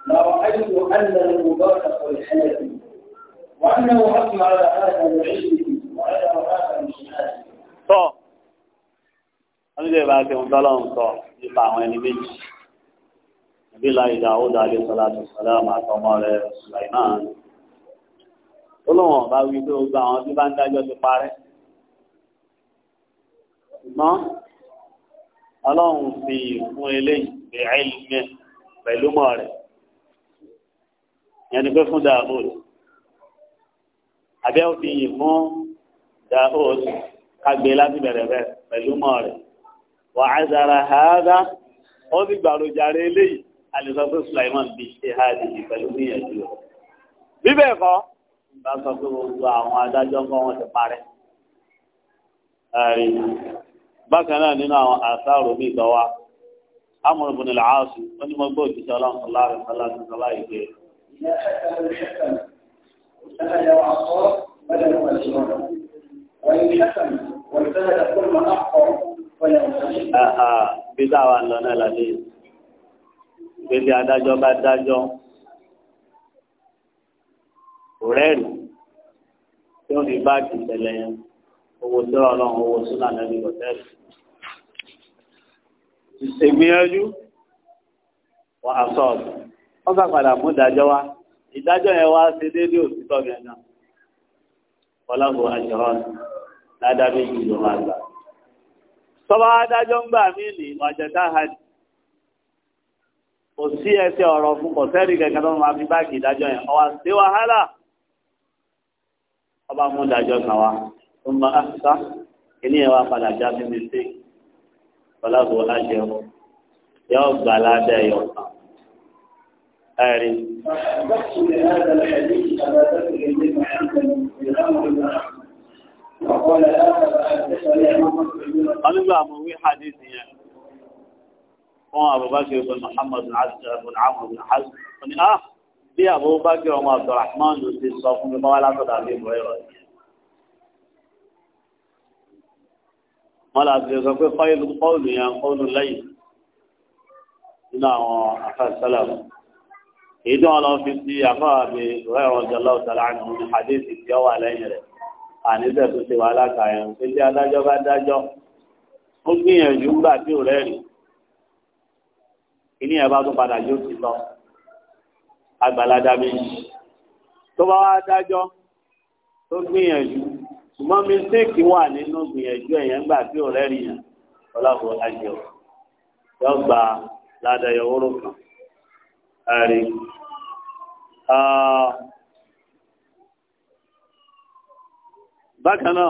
لرأيت أن المبارك والحنفي وأنه أسمع هذا العلم wọ́n lè bá ṣe ń tọ́lọ́ ń sọ nípa àwọn ẹni méjì nàbí láì Dáúdà alayhi salatu wassalam àtọmọ rẹ̀ Sulaiman ó lóun ọba wí pé gbogbo àwọn tí bá ń dájọ́ ti parẹ́ ṣùgbọ́n ọlọ́run fi fún eléyìí pé àìlùmẹ́ pẹ̀lú mọ́ rẹ̀ yẹn ni pé fún Dáúdà àbẹ́ òfin yìí fún Dáúdà kágbé láti bẹ̀rẹ̀ bẹ́ẹ̀ pẹ̀lú mọ́ rẹ̀. wà á ó sì gbàròjàre eléyìí alẹ́sọ fún Sulaiman bíi ṣe ha nìyí pẹ̀lú níyànjú rẹ̀. bí kọ́ bá sọ pé gbogbo àwọn adájọ́ ń wọn ti parẹ́. bákan náà nínú àwọn àṣàrò mi ìtọ́wá bùnú làásù ó ní mo gbọ́ ọlọ́run sọlá sọlá bí táwa ń lọ náà lálẹ́ gbèsè adájọ́ bá dájọ́ rẹ́ẹ̀nù tí wọ́n fi báàgì ìṣẹ̀lẹ̀ yẹn owó tí wọ́n lọ́wọ́ owó súnà lẹ́nu hòtẹ́ẹ̀lì. ìṣègbìyànjú wọ́n àsọ̀ọ̀bù wọ́n bá padà mú ìdájọ́ wá ìdájọ́ yẹn wá ṣe déédéé òtítọ́ yẹn náà. ọlọ́run àjọrọ́ ládàbí ìlú máa tọ́ba adájọ́ ń gbà mí nì wàjẹ̀dá ha ni kò sí ẹsẹ̀ ọ̀rọ̀ fún kọ̀sẹ́rì kẹ̀kẹ́ tó máa fi báàgì ìdájọ́ yẹn ọ̀wà sí wàhálà ọba mú ìdájọ́ kan wa tó máa sá kíní ẹ̀ wá padà já sí mi sí ọlọ́bù aláṣẹ ọ yóò gbà ládẹ́ yọ kan ẹ̀rí. Ọlúgbà mọ̀ wí hadithi yẹn, wọn àbúbá ṣe ọgbọ̀n Muhammadu Abdullahi Amadu Hazu, wọn ni, ah, bí àbúbá kí ọmọ Abdurrahman ló ti sọ fún mímọ́ látọ̀dá bí ìbọ̀ ẹ̀rọ. Wọ́n láti sọ pé fáyìlú pọ́ọ̀lù yẹn pọ́ọ̀lù lẹ́yìn nínú àwọn afẹ́sẹ́lẹ̀mù. Èyí tí wọ́n lọ fi sí àfáà bí ìbọ̀ ẹ̀rọ àníbẹ̀ tó ṣe wàhálà kàyàn pé tí adájọ́ bá dájọ́ ó gbìyànjú ńgbà tí ò rẹ́rìn kíní ẹ̀ bá tún padà yóò ti lọ àgbàládá méjì tó bá wá dájọ́ tó gbìyànjú ṣùgbọ́n mistake wà nínú gbìyànjú ẹ̀yẹn ńgbà tí ò rẹ́rìn yẹn ọlọ́bù ajọ yóò gba ládàá yọ wóró kan. Ah, bákan náà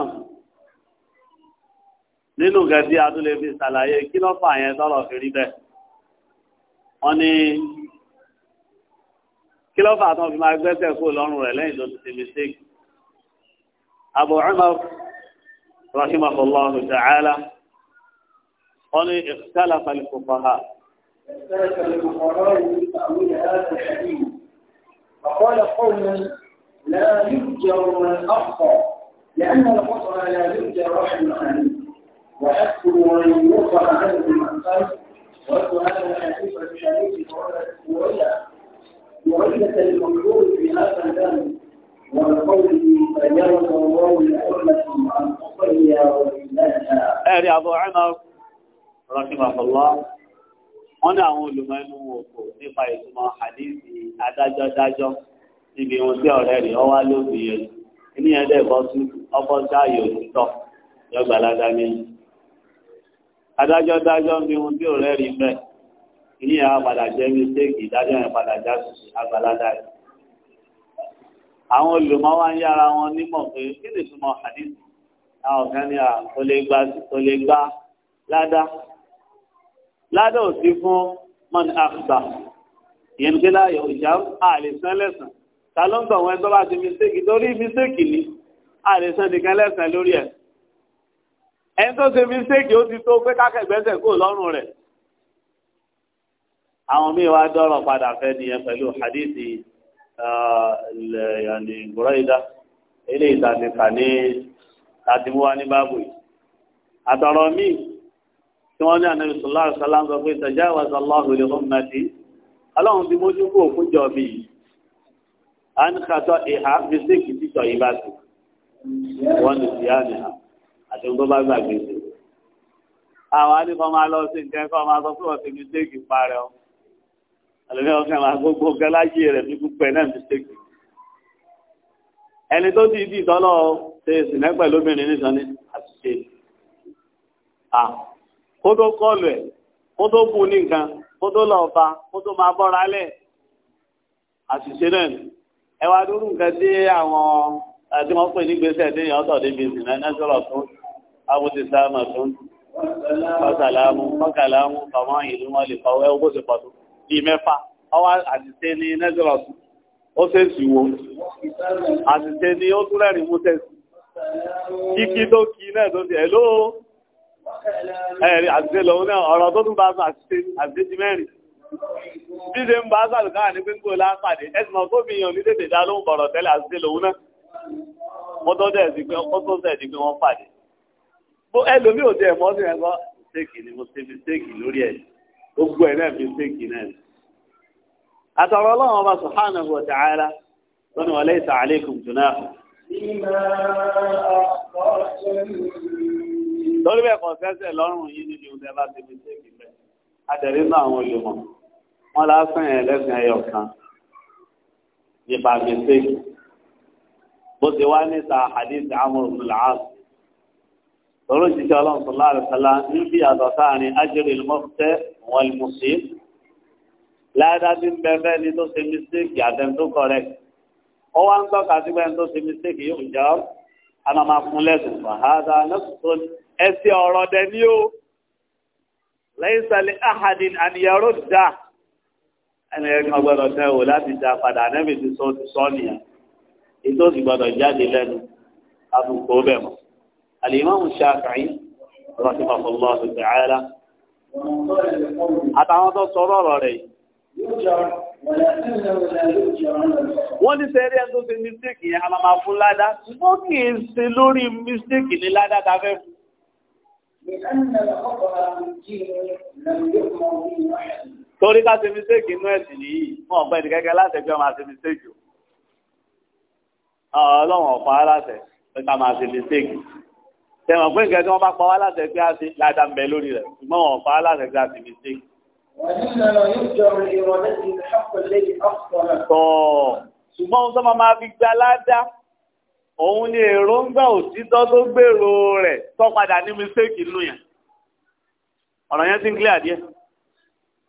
nínú gẹ̀ẹ́sì atúlẹ̀ fi ṣàlàyé kí ló fà yẹn tọrọ fi rí bẹ́ẹ̀ wọ́n ní kí ló fà tán fi máa gbẹ́sẹ̀ kó lọ́rùn rẹ̀ lẹ́yìn tó ti ṣe mistake Abu Umar rahimahullahu ta'ala wọ́n ní ikhtalafa al-fuqaha. اختلف الفقراء في تأويل هذا الحديث فقال قوم لا يهجر من أخطأ لأن المطر لا يرجى روح المخالف ويكفر ومن يوفى عنه بالمقصد وأن هذا الحديث الشريف وإلى وعلة المقبول في هذا الدم والقول فجرد الله لأمة عن قصرها وإلهها. أهل أبو عمر رحمه الله wọ́n ní àwọn olùmọ̀ ẹnu òkò nípa ìtumọ̀ àdéhìí adájọ́ dájọ́ níbi ohun tí ọ̀rẹ́ rẹ̀ ọwá ló fi yẹn ní ẹ̀dẹ́ ìbọ́sí ọkọ̀ sáàyè òtítọ́ yọgbàládá méjì. adájọ́ dájọ́ ń bí ohun tí ò rẹ́rìí bẹ́ẹ̀ ní àwọn padà jẹ́ mistake ìdájọ́ yẹn padà já sí agbàládá rẹ̀. àwọn olùmọ̀ wa ń yára wọn nímọ̀ pé kí ni ìtumọ̀ hadith àwọn kan ní kò lè gbà kò lè gbà ládá ládá ò sí fún mọ́ni àkùtà ìyẹn ní pé láàyè òjá àlè sán ta ló ń tọ̀ wọn tó bá ti mistake torí mistake ni a lè san nìkan lẹ́sàn lórí ẹ̀ ẹni tó ṣe mistake ó ti tó pé kákẹ́gbẹ́sẹ̀ kó lọ́rùn rẹ̀ àwọn míì wá dọ́rọ̀ padà fẹ́ nìyẹn pẹ̀lú hadithi eh, yàní Buraida ilé ìtànìkà ní àtiwá ní báàbò yìí àtọ̀rọ̀ míì tí wọ́n ní ànábì sallallahu alaihi wasallam sọ pé tajawaza Allahu li ummati ọlọ́run ti mójú kó òkújọ mi yìí à ń kàtọ́ ìhà mistake títọ̀ yìí bá ti wọ́n ti fi hàn ìhà àti ohun tó bá gbàgbé sí. àwọn àdìkọ́ máa lọ sí nǹkan kọ́ máa sọ pé wọ́n ti mistake parẹ́ o àlùmí ọ̀fẹ́ máa gbogbo nǹkan láyé rẹ̀ ní gbogbo ẹ̀ náà mistake. ẹni tó ti di ìtọ́lọ́ ṣe sìnẹ́ pẹ̀lú obìnrin nìkan ní àṣìṣe. kó tó kọlù ẹ̀ kó tó bu ní nǹkan kó tó lọ bá kó tó máa bọ́ra lẹ̀ àṣìṣe náà ẹ wá dúró nǹkan tí àwọn àti wọn pè ní gbèsè tí èèyàn tọ̀ débi ìsìn náà nẹ́sọ̀rọ̀ tó abúti sáàmù tó kọsàlámù kọkàlámù kọmọ ìlú wọn lè fọwọ́ ẹwọ́ bó ṣe pọ̀ tó bíi mẹ́fà ọwọ́ àtìsẹ́ ní nẹ́sọ̀rọ̀ tó ó ṣe sì wo àtìsẹ́ ní ó tún rẹ̀rìn mú tẹ̀sí kíkí tó kí náà tó ti ẹ̀ lóo ẹ̀rí àtìsẹ́ lòun náà ọ̀rọ̀ tó tún bá sọ àtìsẹ́ àtìsẹ́ ti mẹ́rin dídé ń bá sàlù káà ní pínkù lápàdé ẹ̀sìn náà tó fi yàn ní tètè dá lóhùn bọ̀rọ̀ tẹ́lẹ̀ àti lòun náà wọ́n tó dẹ̀ sí pé wọ́n tó dẹ̀ sí pé wọ́n pàdé bó ẹlòmí ò tẹ̀ mọ́ sí ẹ̀ kọ́ mistake ni mo ṣe mistake lórí ẹ̀ gbogbo ẹ̀ náà mistake náà àtọ̀rọ̀ ọlọ́run ọba subhanahu wa ta'ala lọ́nà wa laysa alaykum junah lórí bẹ́ẹ̀ kọ̀ sẹ́sẹ̀ lọ́rùn yìí nínú wọ́n lásán ẹ̀ lẹ́sìn ẹyọ kan nípa mistake bó ti wá níta hadith amúr mùlàás lọ́rọ̀ jíjẹ́ ọlọ́run sọlá àrẹ̀sálá ń bí àtọ̀ sáàrin ájẹ́rì ìlmọ́fẹ́ wọn ìmùsí láàdájú ń bẹ́ẹ̀ ni tó ṣe mistake àtẹn tó correct ó wá ń tọ́ka sí pé ń tó ṣe mistake yóò jẹ́ ọ́ máa fún lẹ́sùn fàhádà lẹ́sùn ẹsẹ̀ ọ̀rọ̀ dẹ ní o lẹ́yìn sàlẹ̀ àhàdìn àníyàró dáa ẹni ẹ̀kan gbọ́dọ̀ tẹ́ wò láti dá padà ànẹ́bì ti sọ ti sọ nìyẹn ètò sì gbọ́dọ̀ jáde lẹ́nu àbùkù bẹ̀ mọ́ Al-Imam Shafi'i rahimahullah ta'ala àtàwọn tó sọ̀rọ̀ ọ̀rọ̀ rẹ̀ wọ́n ti sẹ́rí ẹ̀ tó ṣe mistake yẹn a máa fún ládá ṣùgbọ́n kì í ṣe lórí mistake ní ládá ta fẹ́ fún torí ká ṣe mistake inú ẹ̀sìn yìí wọn ọ̀pẹ ní kẹ́kẹ́ láti ẹgbẹ́ máa ṣe mistake o ọlọ́run ọ̀pá aláṣẹ pé ká máa ṣe mistake tẹ̀wọ̀n pé nǹkan tí wọ́n bá pa wá láṣẹ pé a ṣe ládàá ń bẹ lórí rẹ̀ ṣùgbọ́n wọn ọ̀pá aláṣẹ pé a ṣe mistake. ṣùgbọ́n ohun tó máa máa fi gba ládá òun ni èròǹgbà òtítọ́ tó gbèrò rẹ̀ tó padà ní mistake inú yẹn ọ̀rọ̀ yẹn ti ń clear díẹ̀.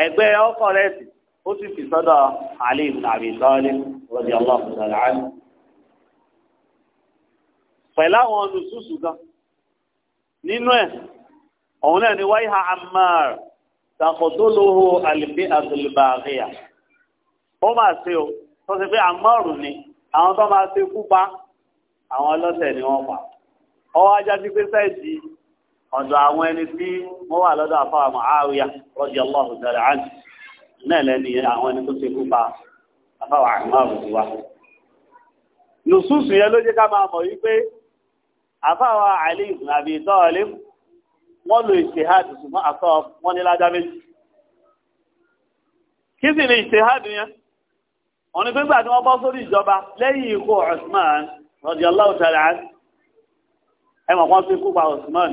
ẹgbẹ́ ọkọ̀ rẹ̀ sì ó sì fi sọ́dọ̀ Ali ibn Abi Talib radiyallahu ta'ala anhu. pẹ̀lú àwọn olùsùsù gan nínú ẹ̀ òun náà ni wáyé Ammar taqtuluhu al-fi'atu al-baghiya ó máa ṣe o tó ṣe pé Ammar ni àwọn tó máa ṣe kú àwọn ọlọ́ṣẹ̀ ni wọ́n pa ọwọ́ ajá sí pé sáìdì ọ̀dọ̀ àwọn ẹni tí wọ́n wà lọ́dọ̀ àfáà Muawiya radiyallahu ta'ala anhu náà lẹ́ni àwọn ẹni tó ṣekú pa àfáà àmàrù ti wá. nùsùsù yẹn ló jẹ́ ká máa mọ̀ wípé àfáà Ali ibn Abi Talib wọ́n lo ìṣèhádì ṣùgbọ́n àfọ́ wọn ní ládá méjì. kí sì ni ìṣèhádì yẹn? wọ́n ní pé gbà tí wọ́n bọ́ sórí ìjọba lẹ́yìn ikú Usman radiyallahu ta'ala anhu ẹ̀mọ̀ kan ti kú pa Usman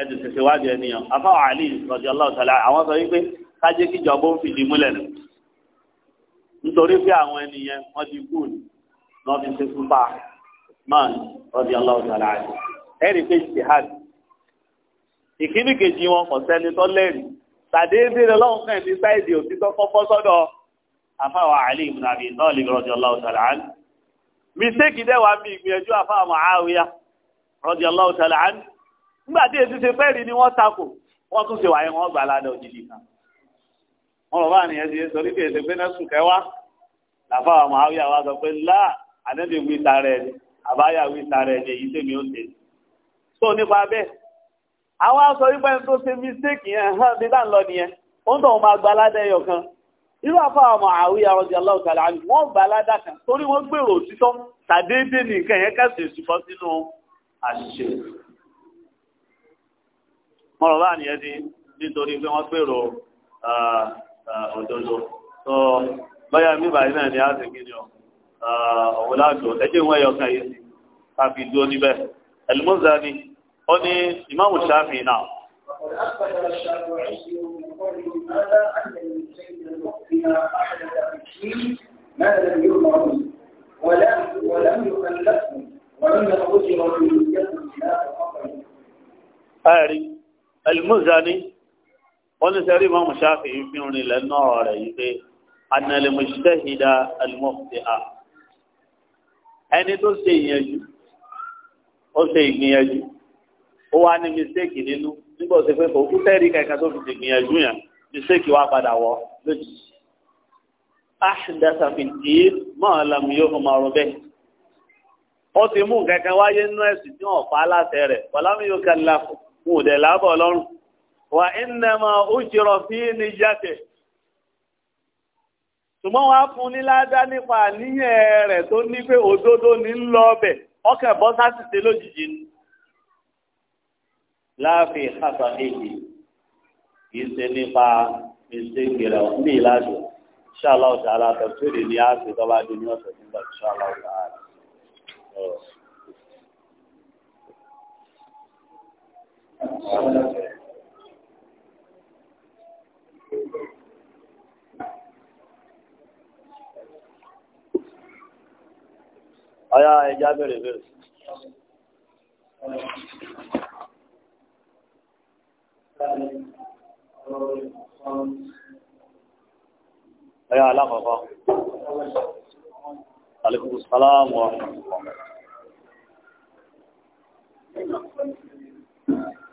ẹtù tètè wájú ẹnìyàn àlì ìsọdí ọlọ́ọ̀tọ́lá àwọn sọ wípé kájé kíjọba ń fìdí múlẹ̀ nù nítorí pé àwọn ènìyàn wọn ti kú ni wọn fi ṣe fún báà máa ní ọdí ọlọ́ọ̀tọ́lá ji ẹ̀rí pé jihad ìkíní kejì wọn kò sẹ́ni tó lẹ́rìí tàdéédé lọ́wọ́ kan ní sáìdì kọ́kọ́ sọ́dọ̀ àlì nígbà tí èsì ṣe fẹ́ rí ni wọ́n takò wọ́n tún ṣe wáyé wọ́n gbà ládàá òjijì kan wọ́n lọ bá nìyẹn ti sọ níbi èsì pé nẹ́sùn kẹwàá làfà àwọn àwíyá wa sọ pé láà àdẹ́bí wí tara ẹni àbáyá wí tara ẹni èyí tèmi ó tèmi tó nípa bẹ́ẹ̀ àwọn aṣọ wípé ẹni tó ṣe mistake yẹn hàn bí dáńlọ nìyẹn ó ń tọ̀ wọn máa gba ládàá ẹyọ kan irú àfà àwọn àwíyá ọjà aláwùtàlá ni wọ́n gbà ládàá kan torí wọ́n gbèrò òtítọ́ tàdéédé nìkan yẹn kẹsì èsì kan sínú àṣìṣe wọn lọ bá nìyẹn ti nítorí pé wọ́n pèrò òdodo tó báyà bíbà yìí náà ni a ti kíni ọ òun láàjò ẹjẹ́ wọn yọ kan yìí sí káfí dúró níbẹ̀ ẹlùmọ́sánì ó ní ìmáàmù sáfì náà. ولم Al-Muzani wọ́n ní sẹ́rí Imam Shafi'i fi ń rìn lẹ́nu ọ̀rọ̀ rẹ̀ yìí pé anàlẹ́mùsítẹ́hìdá alimọ́fìdíà ẹni tó ṣe ìyẹnjú ó ṣe ìgbìyànjú ó wá ní mistake nínú nígbà tó ṣe pé kò kú sẹ́rí kankan tó fi ṣe ìgbìyànjú yẹn mistake wá padà wọ lójijì. ahdatha fi ddin ma lam yu'mar bihi ó ti mú kankan wáyé nínú ẹ̀sìn tí wọ́n pa á láṣẹ rẹ̀ wọ́n lámì yóò kẹ́ láfọ̀ọ́ wọn ò dẹ̀ lábọ̀ ọlọ́run wà ìnàmà ó jẹrọ fi ní jáde ṣùgbọ́n wọn á fún ní ládá nípa àníyàn rẹ̀ tó ní pé òdodo ní ń lọ ọbẹ̀ ọkẹ̀ bọ́ sásìse lójijì ni láàfin hasa èyí kì ṣe nípa mistake rẹ̀ ní ìlàjò ṣáláwọ̀ ṣáláwọ̀ tó rí ní àṣìṣọ́ bá dé ní ọ̀sẹ̀ nígbà ṣáláwọ̀ ṣáláwọ̀. Ọya ẹja bẹ̀rẹ̀ bẹ̀rẹ̀. Ọya alákọ̀ọ́kọ́. Alaikum salaam wa rahmatullah.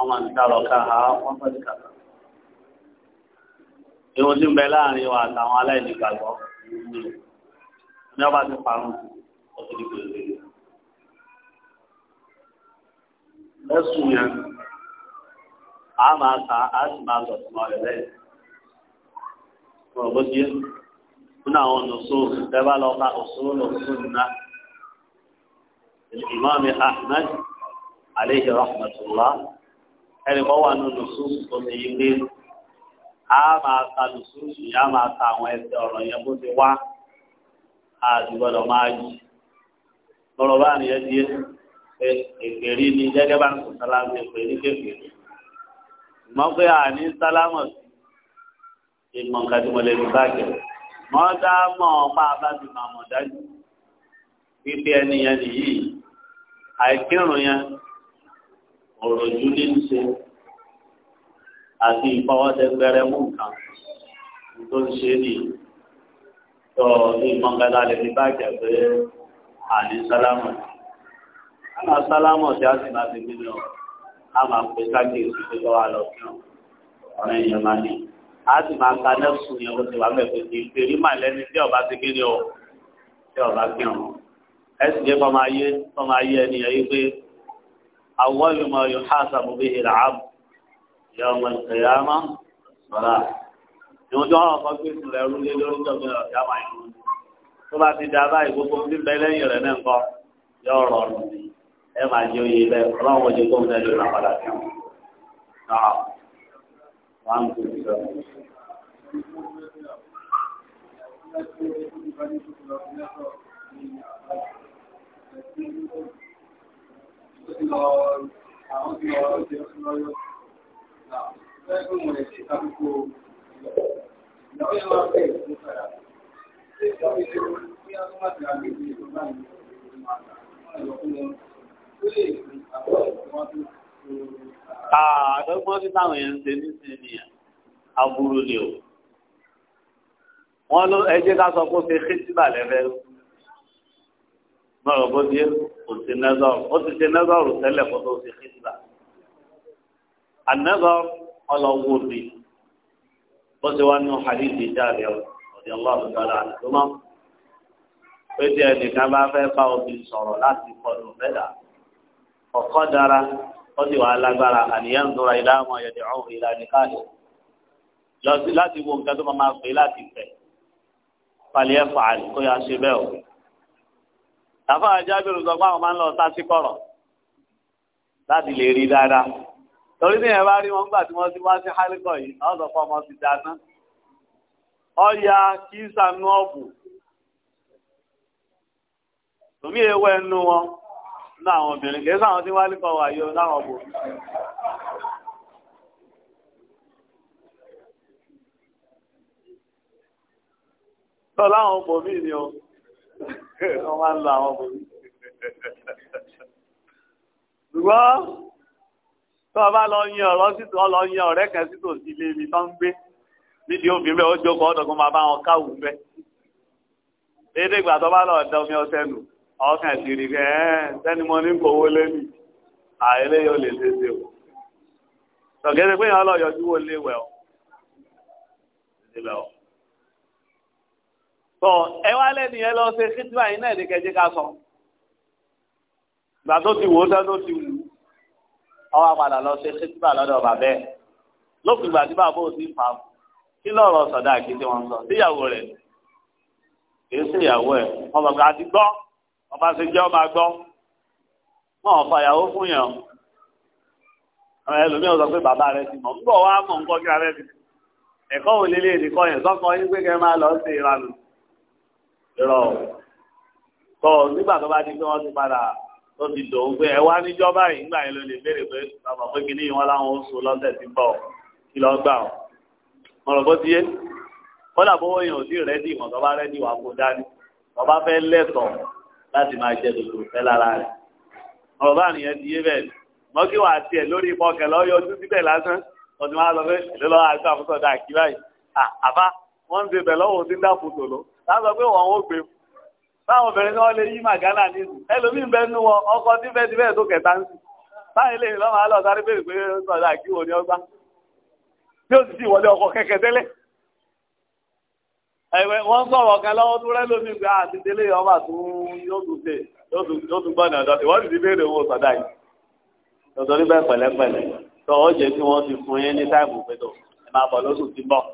ọmọ ìtàrọ̀ káà wọ́n fẹ́ kàtà. Ewu ti ń bẹ láàrin wa àtàwọn aláìní gbàgbọ́ ní ọba ti parun ọtí ní pèsè. Ẹ̀sùn yẹn, a máa ta a sì máa sọ fún ọ̀rẹ́ lẹ́yìn. Ọ̀rọ̀ bó ti yé, nínú àwọn ọ̀nà sóòlù, tẹ́ bá lọ bá òṣòlù òṣòlù náà. Ìmáàmì Ahmed, alayhi rahmatullah ẹnì kan wà nínú lùsùsù tó ti yí pé a máa ta lùsùsù yìí a máa ta àwọn ẹsẹ̀ ọ̀rọ̀ yẹn bó ti wá a ti gbọ́dọ̀ máa yí lọ́rọ̀ bá nìyẹn di èkèrí ni gẹ́gẹ́ bá ń sọ sálámù èpè ní kékeré mọ pé àní sálámù sí ìmọ̀ nǹkan tí mo lè fi báàgì mọ́ dá mọ́ pa bá ti mọ̀ àmọ̀ dájú pípé ẹni yẹn nìyí àìkírun yẹn ọ̀rọ̀ ju ní ń ṣe àti ìfọwọ́sẹgbẹrẹ mú nǹkan tó ń ṣe ní tọ́ ní mọ́ngàlá lè fi bá jẹ́ pé àní sálámù àmà sálámù tí a sì máa ti gbé lọ a máa pè sákèésì tó lọ́wọ́ lọ fún ọ̀rẹ́ yẹn máa ní a sì máa ka nẹ́sùn yẹn ó ti wà mẹ́fẹ́ ní ìpèrí mà lẹ́ni tí ọba ti gbé ní tí ọba kí ọ̀run ẹ sì jẹ́ kọ́ máa yé ẹni yẹn yí pé. أول ما يحاسب به العبد يوم القيامة الصلاة ìwọ̀njọ́ àwọn ọkọ̀ gbé ìsìnlẹ̀ ẹrú lé lórí ìjọba ìyàmà ìlú tó bá ti dáa báyìí gbogbo ní bẹ́lẹ́yìn rẹ̀ náà kọ́ yọ ọ̀rọ̀ ọ̀rùn ẹ máa jẹ́ oyè ilẹ̀ ọlọ́run ojú tó ń tẹ́lẹ̀ ìlú àpàdà sí wọn. náà wọ́n ń tún sọ. Thank you. Ah, ti lọ àwọn ti lọ ṣe ń lọ́yọ́. Lẹ́gbẹ̀ẹ́ mo lè ṣe ìtàkùkọ ìlọ́wọ́ yẹn máa bẹ̀rẹ̀ fún padà. Ṣé ìjọba ìṣòro bí a tó má ti àgbè ní ìlú náà ní ìlú máa ta? Wọ́n lọ fún wọn. Ó lè fi àwọn ìwọ́n tó. Àdọ́gbọ́n tí táwọn yẹn ń ṣe nísìnyí aburú ni o. Wọ́n ló ẹjẹ́ ká sọ pé ó ṣe kí síbà lẹ́fẹ̀ẹ́. Mọ̀rọ̀ bó ti yẹ kó kò sí nẹ́zọ̀rù ó ti ṣe nẹ́zọ̀rù tẹ́lẹ̀ kó tó ṣe kíkìlá anẹ́zọ̀rù ọlọ́wọ́ mi ó ti wá nínú hadithi jáde ọ̀dí ọlọ́run dára àdúgbò pé tí ẹnìkan bá fẹ́ bá obì sọ̀rọ̀ láti kọlu mẹ́ta ọ̀kọ́ dára ó sì wà lágbára àníyàn tó ra ìlànà ọ̀yẹ̀dẹ̀ ọ̀hún ìlànà lọ sí láti wo nǹkan tó máa máa láti fẹ̀ pàlẹ́ fàálì àfa àjábìrì sọ pé àwọn máa ń lọ sá sí kọ̀rọ̀ láti lè rí dáadáa torí ní ẹ̀rọ rí wọn gbà tí wọ́n ti wá sí hálíkọ̀ yìí wọ́n sọ Ọ ọmọ ti dáná ọ̀ya kí sànú ọ̀bù tòmí ewé ẹnu wọn ní àwọn obìnrin kìí sáwọn tí wálíkọ̀ wà yóò láwọn ọ̀bù tọ́ láwọn ọ̀bù míì ni o. wọ́n máa ń lo àwọn bòbí. ṣùgbọ́n tó o bá lọ yan ọ̀rọ̀ sítò ọ yan ọ̀rẹ́ kan sítò sí ilé mi tó ń gbé nídìí obìnrin bẹ́ẹ̀ ó jókòó ọ̀dọ̀gbọ́n máa bá wọn káwù bẹ́ẹ̀. déédéé ìgbà tó bá lọ ọ̀dọ̀ mi ọ̀sẹ̀ nù ọkàn ti rí ẹ́ sẹ́ni mo ní kò owó lẹ́nu àìlé yóò lè ṣe ṣe o tọ̀gẹ́sẹ̀ pé ìyàn lọ yọjú wo léwẹ̀ o tọ ẹ wá lẹ́nu yẹn lọ ṣe kíntìmá yìí náà ní kẹjẹ ká sọ gbà tó ti wò ó tó ti wù ú ọwọ́ padà lọ ṣe kíntìmá lọ́dọ̀ bàbẹ́ ẹ̀ lópin ìgbà tí bàbá ti fà á kí lọ́rọ̀ sọ̀dá àkíntì wọn sọ síyàwó rẹ̀ kì í síyàwó ẹ̀ ọmọ gbà ti gbọ́ ọba ṣe jẹ́ ọba gbọ́ wọn fa ìyàwó fún yàn àwọn ẹlòmíràn sọ pé bàbá rẹ ti mọ̀ ń bọ̀ wá mọ̀ kí ara rẹ ti ẹ̀kọ́ òlélẹ́ẹ̀dì kọ́ yẹn sọ́kọ́ yín pé kẹ́ rọ tọ nígbà tó bá di pé wọn ti padà tó ti dòun pé ẹ wá níjọba yìí nígbà yẹn ló lè béèrè pé bàbá pé kíní wọn láwọn ó so lọ́sẹ̀ tí bọ̀ kí lọ gbà ọ mọ̀rọ̀ bó ti yé kọ́dà bó wọ́n yàn ò sí rẹ́dì mọ̀ tó bá rẹ́dì wà kó dání bàbá fẹ́ lẹ́tọ̀ọ́ láti máa jẹ dòdò fẹ́ lára rẹ̀ mọ̀rọ̀ bá nìyẹn ti yé bẹ́ẹ̀ mọ́ kí wàá tiẹ̀ lórí ìpọkẹ̀ lọ́yọ́ ojú síbẹ̀ lásán ọdún wa lọ fẹ́ ìlú lọ́wọ́ àti àfúsọ̀dá àkíláyì àbá wọ́n ń ṣe bẹ̀ lọ́wọ́ sí ń dàpọ̀ tòló láàbọ̀ pé wọ́n ó gbé báwọn obìnrin náà lè yí màgánà ní ìlú ẹlòmíín bẹ́ẹ̀ nú wọn ọkọ tí bẹ́ẹ̀ ti bẹ́ẹ̀ tó kẹta ń sì báyìí lè lọ́mọ alọ́ sáré bèrè pé sọ̀dà kí wo ni ọgbà tí ó sì ti wọlé ọkọ kẹ̀kẹ́ tẹ́lẹ̀ ẹ̀wẹ̀ wọ́n sọ̀rọ̀ kan lọ́wọ́ tó rẹ́ lómi àti délé ọba tó yóò yóò tún gbọ́nà ní táìmù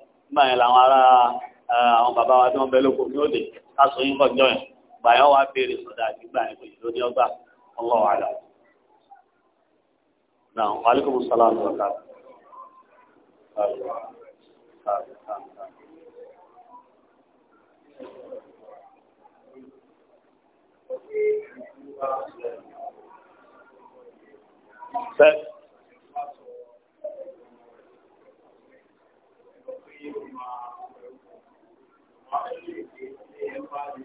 Eh, àwọn bàbá wa tí wọ́n bẹ lóko ní òde káṣọ yín kọjọ́ yẹn gbà yẹn wá béèrè sọ̀dà àti gbà yẹn pèsè lóní ọgbà ọlọ́wọ́ àlà. náà wàlíkùmù sálà ń lọ káàkiri. Thank you. Okay.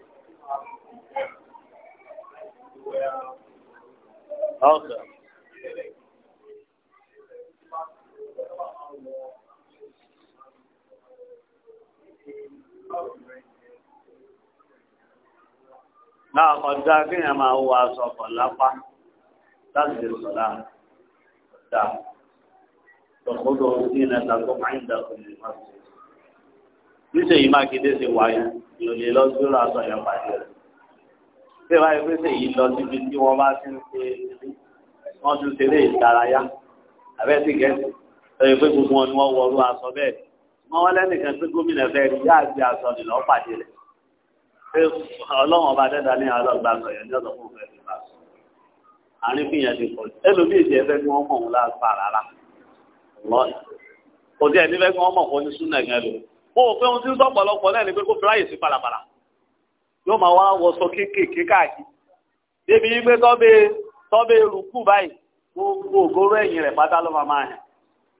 Náà ọ̀dá kí ni a máa wọ aṣọ ọ̀pọ̀ lápá láti lè sọ̀lá ọ̀dá. Tọ̀kọ́dọ̀ sí ẹ̀nà tàbí ọmọ ìdàkùn ìmọ̀ sí níṣèyí mákindé ṣe wáyé yóò lè lọ sí ọ̀rọ̀ aṣọ yẹn pàdé rẹ̀. ṣé wáyé pé ṣèyí lọ síbi tí wọ́n bá ti ń ṣe wọ́n tún ṣe lé ìdárayá àbẹ́sí gẹ̀ẹ́sì lọ́yẹ̀ pé gbogbo wọn ni wọ́n wọrú aṣọ bẹ́ẹ̀. wọ́n wọ́n lẹ́nìkan pé gómìnà fẹ́ rí yáà gbé aṣọ nì pàdé rẹ̀. pé ọlọ́run ọba dẹ́ta ní alọ́gbà sọ yẹn ní ọ̀dọ̀ fún fẹ́ẹ́ fi bá sọ. àárín fìyàn ti pọ̀ ẹlòmíì ti ẹfẹ́ kò tí ẹ̀ nífẹ̀ẹ́ kí wọ́n mọ̀ fọ́ ní súnà gan lò. mo ò fẹ́ ohun tí ń sọ̀pọ̀lọpọ̀ náà ni pé kó fi ráyè sí palapala yóò máa wá wọṣọ kéékèèké káàkiri débi yí pé báyìí gbogbo ògóró ẹ̀yìn rẹ̀ pátá ló máa máa hàn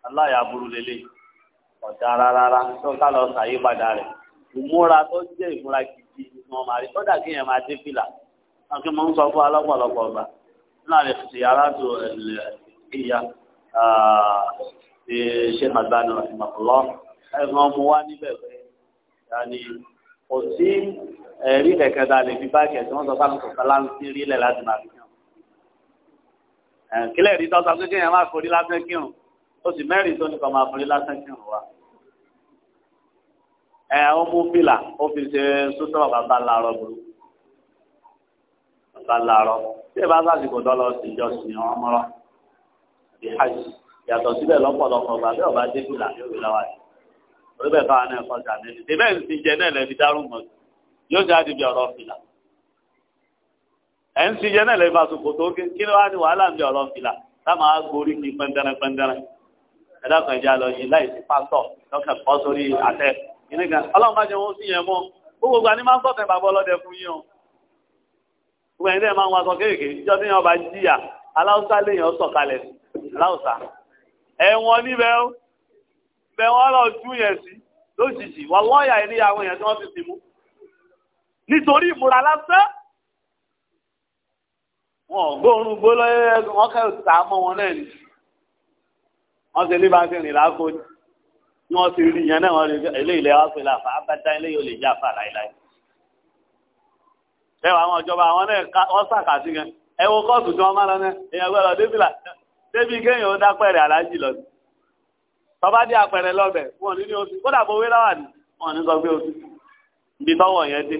aláya burú lélẹ̀ ọ̀dà rárá tó ká lọ ṣàyípadà rẹ̀ ìmúra tó jẹ́ ìmúra gidi ni wọ́n máa rí kí yẹn máa dé fìlà ń sọ fún alọ́pọ̀lọpọ̀ náà lè fi tó ẹ̀gbọ́n ọmọ wa níbẹ̀ bẹ́ẹ̀ yanni kò sí ẹ̀rí kẹ̀kẹ́ ta lè fi báàkì ẹ̀sìn wọn sọ fáwọn kọ̀ọ̀kan láti rí ilẹ̀ láti máa fi hàn. kílẹ̀ rí tọ́sọ pé kéèyàn máa forí lásán kírun ó sì mẹ́rin tó ní kọ́ máa forí lásán kírun wa. ẹ ó mú fìlà ó fi ṣe sótọ́ bàbá làárọ̀ burú bàbá làárọ̀ tí ẹ bá sàṣìkò tó lọ sí ìjọ sí ọmọ rọ àbí hajj yàtọ̀ síbẹ̀ lọ́pọ̀lọpọ̀ bàbá ọba dé fìlà yóò fi láwàá yìí oríbẹ̀ káwọn náà kọjá nínú ìbẹ́ ń ti jẹ náà lẹ́bi dárún mọ́ yóò ṣe àdìbí ọ̀rọ̀ fìlà ẹ̀ ń ti jẹ náà lẹ́bi àsopọ̀ tó ké kí ni wàá ní wàhálà ń bí ọ̀rọ̀ fìlà táwọn agbórí kí pẹ́ńdẹ́rẹ́ pẹ́ńdẹ́rẹ́ ẹ̀dá kan ìjà lọ yìí láì sí pásítọ̀ sórí àtẹ ni máa ń sọ̀tẹ̀ bàbá ọlọ́dẹ fún yín o gbogbo ẹni tẹ́ máa ń wá sọ kéèké ìjọ tí yẹn ọba jìyà aláùsá ẹ̀wọ̀n níbẹ̀ o bẹ̀ lọ jú yẹn sí lójijì wà lọ́ọ̀yà ilé àwọn èèyàn tí wọ́n ti sìnmú nítorí ìmúra lásán wọn ò gbóòórùn gbó lọ́yẹ́ wọn kẹ́ ta mọ́ wọn náà ni wọ́n ti lé bá ti rìn láàkó ni wọ́n ti rí ìyẹn náà wọ́n lè ilé ilẹ̀ wá pé láfa abẹ́tá ilé yóò lè já fà láíláí ẹ wà àwọn ìjọba àwọn náà wọ́n sàkàtì gan ẹ wo kóòtù tí wọ́n máa lọ náà èèyàn gbọ́dọ̀ débìlà tọ́ba dé apẹ̀rẹ̀ lọ́bẹ̀ wọn ní ní oṣù kódà bó wé láwà ní wọn ní sọ pé oṣù ibi tọ́wọ̀ yẹn dé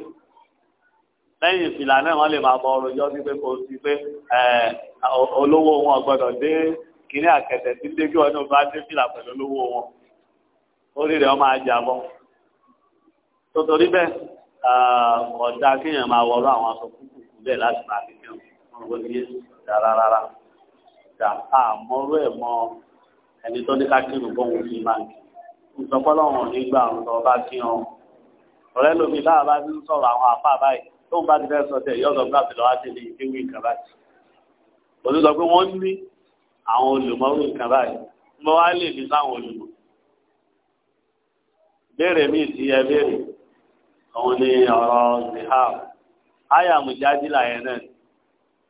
lẹ́yìn ìfìlà náà wọ́n lè máa bọ ọrọ̀ yọ sí pé kò sí pé olówó wọn gbọ́dọ̀ dé kínní àkẹtẹ̀ tí dé kí wọn ní bá dé fìlà pẹ̀lú olówó wọn orí rẹ̀ wọ́n máa jà bọ́ tòtòrí bẹ́ẹ̀ ọ̀dà kéèyàn máa wọlé àwọn aṣọ kúkú bẹ́ẹ̀ láti máa fi kí wọn wọn kò ní yé rárá rárá àmọ́rú ẹ̀ mọ́ ẹni tó ní ká kírun bóun fi máa kí ìsọpọlọrun ò ní gbà àwọn tó bá kí hàn ọ̀rẹ́ lómi bá a bá ń sọ̀rọ̀ àwọn àfa báyìí tó ń bá ti fẹ́ sọ tẹ yọsọ gbà fi lọ́wọ́ àti ilé ìkéwì nǹkan báyìí òní sọ pé wọ́n ní àwọn olùmọ̀rú nǹkan báyìí mo wá lè ní sáwọn olùmọ̀ béèrè mi ti ẹ béèrè òun ni ọ̀rọ̀ zihar ayàmùjáde làyẹn náà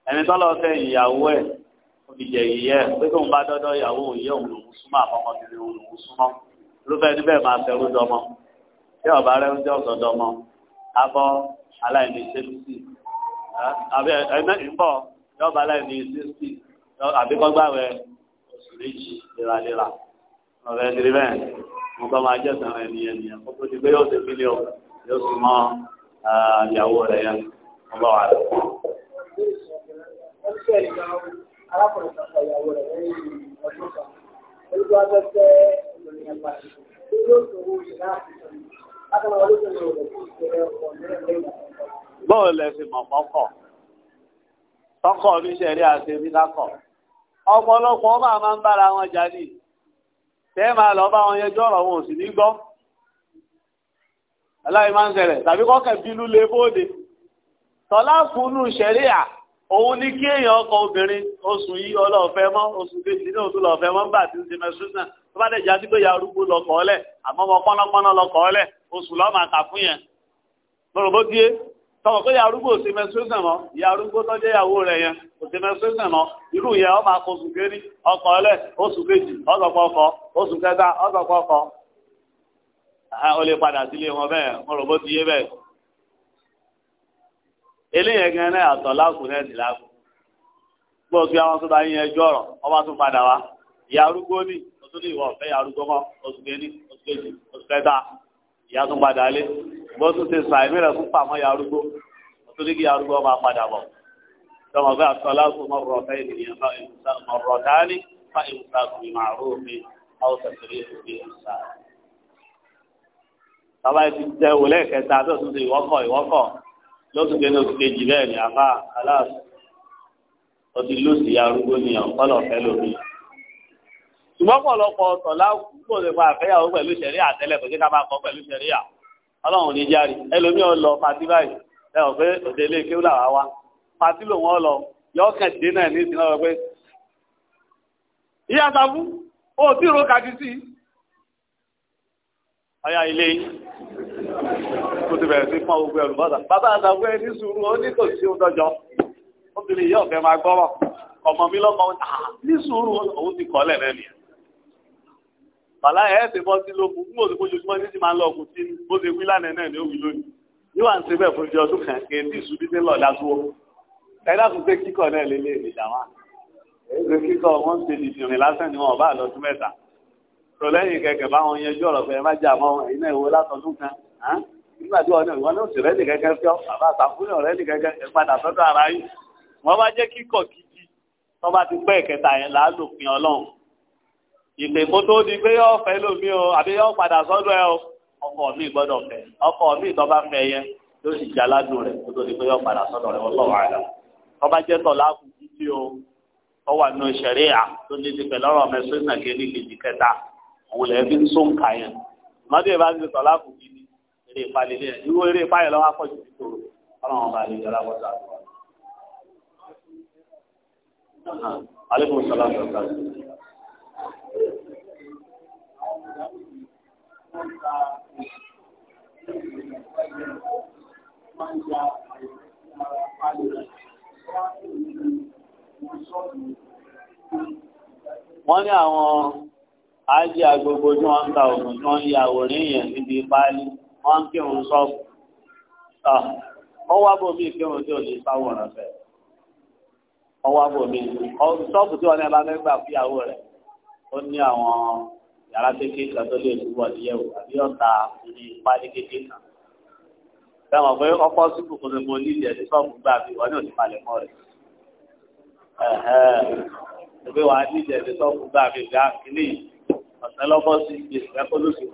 ẹni tọ́lọ́ fẹ́ ìyàwó ẹ̀ ìjẹ ìyẹ pé kóun bá dọ́dọ́ ìyàwó òye òun lòún súnmọ́ àpamọ́ òun lòún súnmọ́ irúfẹ́ níbẹ̀ máa fẹ́rú dọmọ tí ọba rẹ ń jẹ́ ọ̀sọ̀ dọmọ abọ́ aláìní sẹ́lúsì àbí ẹ̀mẹ́ ìbọ̀ yọba aláìní sẹ́lúsì àbíkọ́gbàwẹ̀ oṣù méjì léraléra ọ̀rẹ́ nílé bẹ́ẹ̀ mo kọ́ máa jẹ́sàn rẹ̀ ní ẹ̀mí ẹ̀kọ́ tó ti gbé yóò ṣe fílíọ̀ yóò sì ìyàwó rẹ̀ yẹn ọlọ́wà rẹ̀ arákùnrin kan sọ ìyàwó rẹ̀ lẹ́yìn ọdún kan olùkọ́ abẹ́fẹ́ obìnrin yẹn padà tí yóò tòwó ìlà àtúntò látàlá wọlé tó ń lò lẹ́kùn ìṣẹ̀lẹ̀ ọ̀pọ̀ nílẹ̀ lẹ́yìn bọ́ọ̀ lẹ́sìn mọ̀ fọ́kọ̀ tọkọ̀ oníṣẹ̀rí ọba máa ń bára wọn jáde tẹ́ máa lọ bá wọn yẹjọ́ ọ̀rọ̀ wọn ò sì ní gbọ́ aláì tàbí kọ́kẹ́ bínú lè bóde tọ́lá fúnú ṣẹ̀ríà owu ni kí èèyàn ọkọ obìnrin oṣù yìí ọlọ́ọ̀fẹ́ mọ́ oṣù kejì ní oṣù lọ́ọ̀fẹ́ mọ́ nígbà tí ń ṣe mẹ́sùn náà tó bá dẹ̀jà sí ya arúgbó lọkọ̀ ọ́lẹ̀ àmọ́ ọmọ pọ́nlọ́pọ́nlọ́ lọkọ̀ ọ́lẹ̀ oṣù lọ́mọ àkà fún yẹn lọ́rọ̀ bó díé tọmọ pé ya arúgbó ò ṣe mẹ́sùn náà mọ́ ya arúgbó tó jẹ́ ìyàwó rẹ̀ yẹn ò ṣe mẹ́sùn náà mọ́ irú yẹn ọmọ akọ kéré ọkọ̀ ọ́lẹ̀ oṣù kejì ọ̀sọ̀kọ̀ eléyẹn gan náà àtọ̀ láàkùn náà sì láàkùn gbọ́ kí àwọn tó bá yẹn ẹjọ́ ọ̀rọ̀ ọba tún padà wá ìyá arúgbó ní oṣù ní ìwọ ọ̀fẹ́ ìyá arúgbó mọ́ oṣù kẹ́ni oṣù kejì oṣù kẹta ìyá tún padà lé bó tún ti sàn ìmíràn fún pàmọ́ ìyá arúgbó oṣù ní kí ìyá arúgbó máa padà bọ̀ tọmọ fẹ́ lóṣù kẹ́ni oṣù kejì lẹ́ẹ̀ni àbá alas ọtí lóṣì arúgbó ni ọ̀pọ̀lọ̀ fẹ́ lómi. ṣùgbọ́n pọ̀lọpọ̀ ọ̀tọ̀ láwùjọ lè máa fẹ́yàwó pẹ̀lú ṣẹ̀ríà àtẹ́lẹ̀ kò sí ká máa kọ́ pẹ̀lú ṣẹ̀ríà ọlọ́run ní járe ẹlòmí ọlọ pàtí báyìí ẹ ọ̀ pé òde ilé kéwù làwa wá pàtí lòun ọlọ yọ kẹ̀dé náà ní ìsìn náà wọ pé ìyá sàbú ó tí ro kàdí sí i ọyá ilé yìí kó ti bẹ̀rẹ̀ sí pọ́n gbogbo ẹ̀rù bọ́dà bàbá àtàwọn ẹni sùúrù ó ní kò sí ọdọjọ obìnrin yìí ọ̀fẹ́ máa gbọ́rọ̀ ọmọ mi lọ́mọ ní sùúrù òun ti kọ́ lẹ̀ lẹ́nu bàlá ẹ̀ ti bọ́ sí lókun fún òsì fojoojúmọ́ ní ti máa ń lọ ọkùn sí bó ṣe wí lánàá náà ní òwì lónìí níwà ń ṣe bẹ́ẹ̀ fún ìjọ ọdún kan kì í ti ìṣubí sí lọ́ọ̀dá tó ẹ dákun pé kíkọ̀ náà lélẹ̀ ìdàmà èyí ṣe kíkọ̀ wọ́n ń ṣe ìdìrìn lásán ni wọn ò bá tó lẹ́yìn kẹ̀kẹ́ báwọn yẹn jọ̀rọ̀ fẹ́ má jà mọ́ iná ìwo látọdún kan nígbà tí wọn ìwọ náà sì rẹ́ẹ̀dì kẹ́kẹ́ fíọ́ bàbá àtàkùnrin rẹ́ẹ̀dì kẹ́kẹ́ ẹ padà sọ́dọ̀ ara yín wọ́n bá jẹ́ kíkọ̀ gidi tó bá ti pẹ́ ìkẹta yẹn lálòpin ọlọ́run ìpè kó tó di pé yọ fẹ́ lómi o àbí yọ padà sọ́dọ̀ ẹ o ọkọ mi gbọ́dọ̀ fẹ́ ọkọ mi tó bá fẹ́ yẹn ló sì jẹ́ aládùn rẹ̀ kó tó di pé yọ padà sọ́dọ̀ rẹ̀ ọlọ́run àlọ́ tó bá jẹ́ tọ̀lá kù títí o ọwà nù sẹ̀ríà tó ní ti pẹ̀lú òun lẹ́yìn fi ń sún nǹka yẹn mọ́tò ìbá ti sọ̀lá kù kí ni eré ìpalẹ̀lẹ̀ irú eré ìpalẹ̀ lọ́wọ́ akọ́jú ti tòrò ọlọ́run bá lè jọra wọ́n wọn. alekun sọlá sọlá sọlá. wọ́n ní àwọn ájí agbogbo tí wọ́n ń ta ògùn tí wọ́n ń ya àwòrán èèyàn níbi páálí wọ́n ń kírun sọ́ọ̀bù ọwọ́ abò mi kírun tí ò ní sáwòrán fẹ́ ọwọ́ abò mi sọ́ọ̀bù tí wọ́n ní abá fẹ́ gbà fúyàwó rẹ̀ ó ní àwọn yàrá kékeré kan tó lè túbọ̀ níyẹ̀wò àbí ọ̀tá ní páálí kékeré kan fẹ́ràn pé ọkọ̀ síbù kò ní mo ní ìdí ẹ̀sìn sọ́ọ̀bù gbà bí wọ́n ní òní palẹ̀ mọ́ rẹ̀ ẹ̀hẹ́ ní ìdí ẹ̀sìn gbà bí gbà kílì ọ̀sẹ̀ lọ́bọ́ sí ìgbésẹ̀ kó ló sì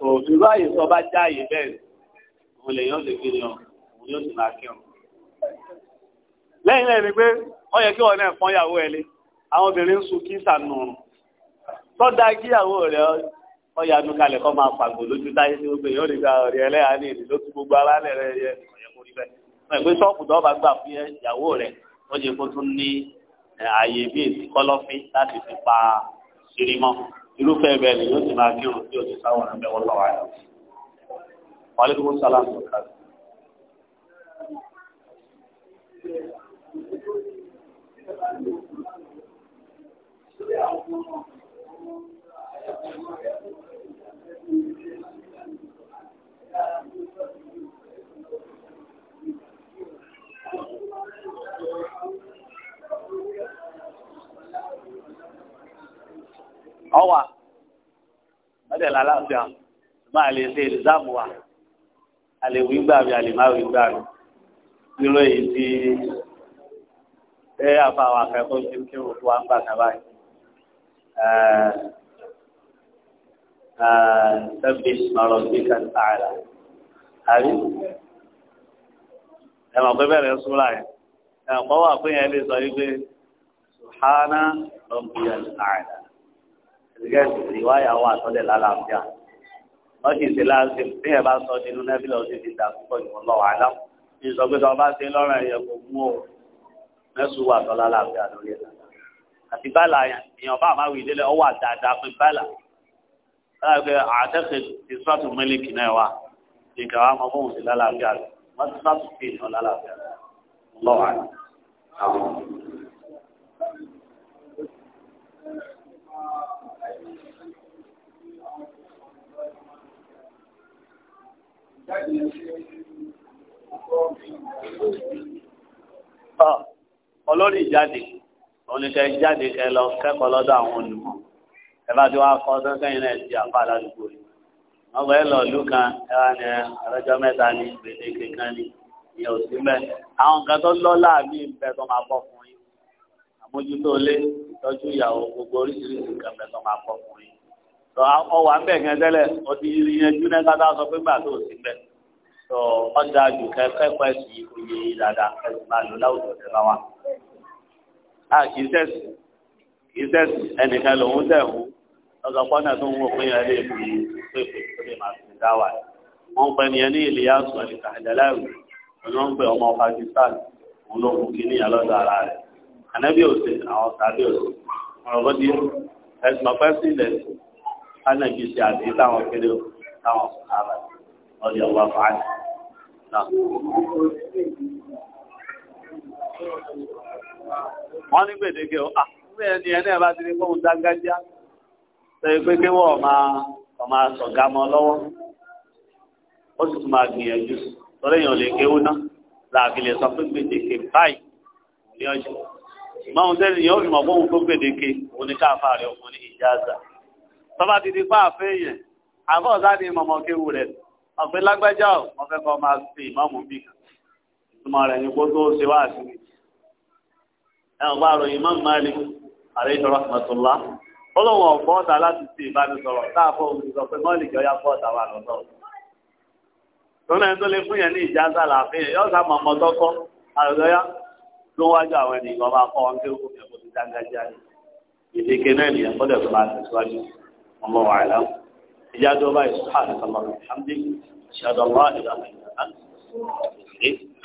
ya òfin báyìí sọ bá jáàyè bẹ́ẹ̀ òun lè yàn lè fi yàn òun yóò sì máa kírun. lẹ́yìn lẹ́yìn pé wọ́n yẹ kí wọ́n náà pọ́n yàwó ẹ̀ lé àwọn obìnrin ń sun kí sànù tọ́da kọ́ máa lójú táyé tí ó gbé ààyè bíi èsì kọ́lọ́fín láti fi pa ṣírí mọ́ irúfẹ́ bẹ́ẹ̀ ni yóò ti máa kírun tí o ti sáwọn ẹgbẹ́ wọn lọ́wọ́ àyà. wàlẹ́kùn sálà ń Thank you. ọwà ọdẹ làlàáfíà máa lè ṣe ìdáàbò wa a lè wí gbàgbé a lè má wí gbàgbé nírò èyí tí ẹ àfa àwọn akẹ́kọ̀ọ́ ti ń kí òkú wa ń gbà náà báyìí. Sẹ́bí sọ̀rọ̀ bí kàtà àlà. Àbí ẹ mọ̀ pé bẹ̀rẹ̀ súra yẹn. Ẹ mọ̀ wà pé yẹn lè sọ yí pé Sùhánà lọ́bí àlà ìgbẹ́ ìwáyà wà sọ́dẹ̀ lálàáfíà wọ́n sì ṣe láti bí ẹ̀ bá sọ nínú nẹ́fìlì ọ̀sẹ̀ ti dà púpọ̀ ìwọ̀n lọ́wọ́ àlá ní sọ pé tí wọ́n bá ṣe lọ́rùn ẹ̀yẹ kò mú o mẹ́sùn wà sọ́ lálàáfíà lórí ẹ̀ àti bàlà èèyàn bá máa wí délé ọwọ́ àdáadáa pé bàlà báyà pé àtẹ́sẹ̀ ti sọ́ọ̀tù mílíkì náà wà ìkà wa mọ fóun sí lálàáfíà wọ́n ti sọ́ọ̀tù fèèyàn lálàáfíà lọ́wọ́ àlá. olórí ìjáde òun ni kẹ jáde kẹ lọ kẹ́kọ̀ọ́ lọ́dọ̀ àwọn olùkọ́ ẹ bá ti wá kọ ọdún sẹ́yìn náà ti àpá aládùúgbò yìí wọn gbọ ẹ lọ ìlú kan ẹ wá ní ọlọ́jọ́ mẹ́ta ní gbèdéke kan ní ìyẹn ò sí mẹ àwọn nǹkan tó lọ́lá mi ń bẹ tó máa bọ̀ fún yín àmójútó ilé ìtọ́jú ìyàwó gbogbo oríṣiríṣi nǹkan bẹ tó máa bọ̀ fún yín tọ́ ọwà ń bẹ̀ gan tẹ́lẹ̀ ó ti yanjú náà ká dáa sọ pé gbà tó sí bẹ́ẹ̀ tọ́ ọjà jù kẹ́kọ̀ọ́ ẹ̀sìn yìí kò yé yìí dáadáa ẹ̀sìn máa lò láwùjọ tẹ́ bá wa. a kì í sẹ́sì kì í sẹ́sì ẹnìkan lòún tẹ̀ wú lọ́sọ̀ pọ́nà tó ń wò pé ẹ lè fi pépè tó lè máa fi dá wà. wọ́n pẹ́ ni ẹni ìlú yàtọ̀ ẹni kàdẹ́láìwò ló ń pè ọmọ Pakistan òun ló kù kí ní ara rẹ̀ ànábì òsè àwọn tàbí òsè ọ̀rọ̀ bọ́dí ẹ̀sìn ọ̀pẹ́ sí ilẹ̀ ẹ̀sìn ánàbí ṣe àti táwọn kéré táwọn sọ̀rọ̀ ọdí ọba fàájì náà. wọ́n ní gbèdéke o àbúrò ah, ẹni ẹ̀ bá ti ní fóun dágájá sẹ́yìn pé kí wọ́n máa ọmọ sọ̀gá mọ́ lọ́wọ́ ó sì tún máa gbìyànjú sọ́rọ́ èèyàn lè kéwú ná láàfin lè sọ pé gbèdéke báyìí ní ọjọ́ ìmọ̀ ohun tẹ́lẹ̀ yẹn ó fi mọ̀ fóun tó gbèdéke òun ní káfáà rẹ̀ ọkùnrin ìjáàzà tọ́ba ti di pa àfẹ́ yẹn àbọ̀ sáni mọ̀mọ́ kéwu rẹ̀ ọ̀pẹ lágbájá ọ̀ wọ́n fẹ́ kọ́ máa ṣe ìmọ̀mù bí kan ìtumọ̀ rẹ̀ ní gbogbo ṣe wá sí i. ẹ ò bá ròyìn mọ́ Malik àrẹ ìṣọ̀rọ̀ mọ̀tòlá ó lóun ọ̀pọ̀ ọ̀tà láti ṣe ìbánisọ̀rọ̀ káàfọ̀ òun sọ pé mọ́ọ̀lì kí ọyá pọ̀ ọ̀tà wà lọ́dọ̀ tọ́lá ẹni tó lè fún yẹn ní ìjásá làáfíà yọ sá mọ̀mọ́ tọ́kọ́ àròyọ́yá ló wájú àwọn ènìyàn bá kọ́ wọn kí ó kó mi ẹ̀kọ́ ti dáńgájá yìí ìdíkẹ́ náà nìyẹn kọ́dẹ̀ tó máa الله أعلم إجازة الله سبحانه الله وبحمده أشهد الله إلى إلا أنت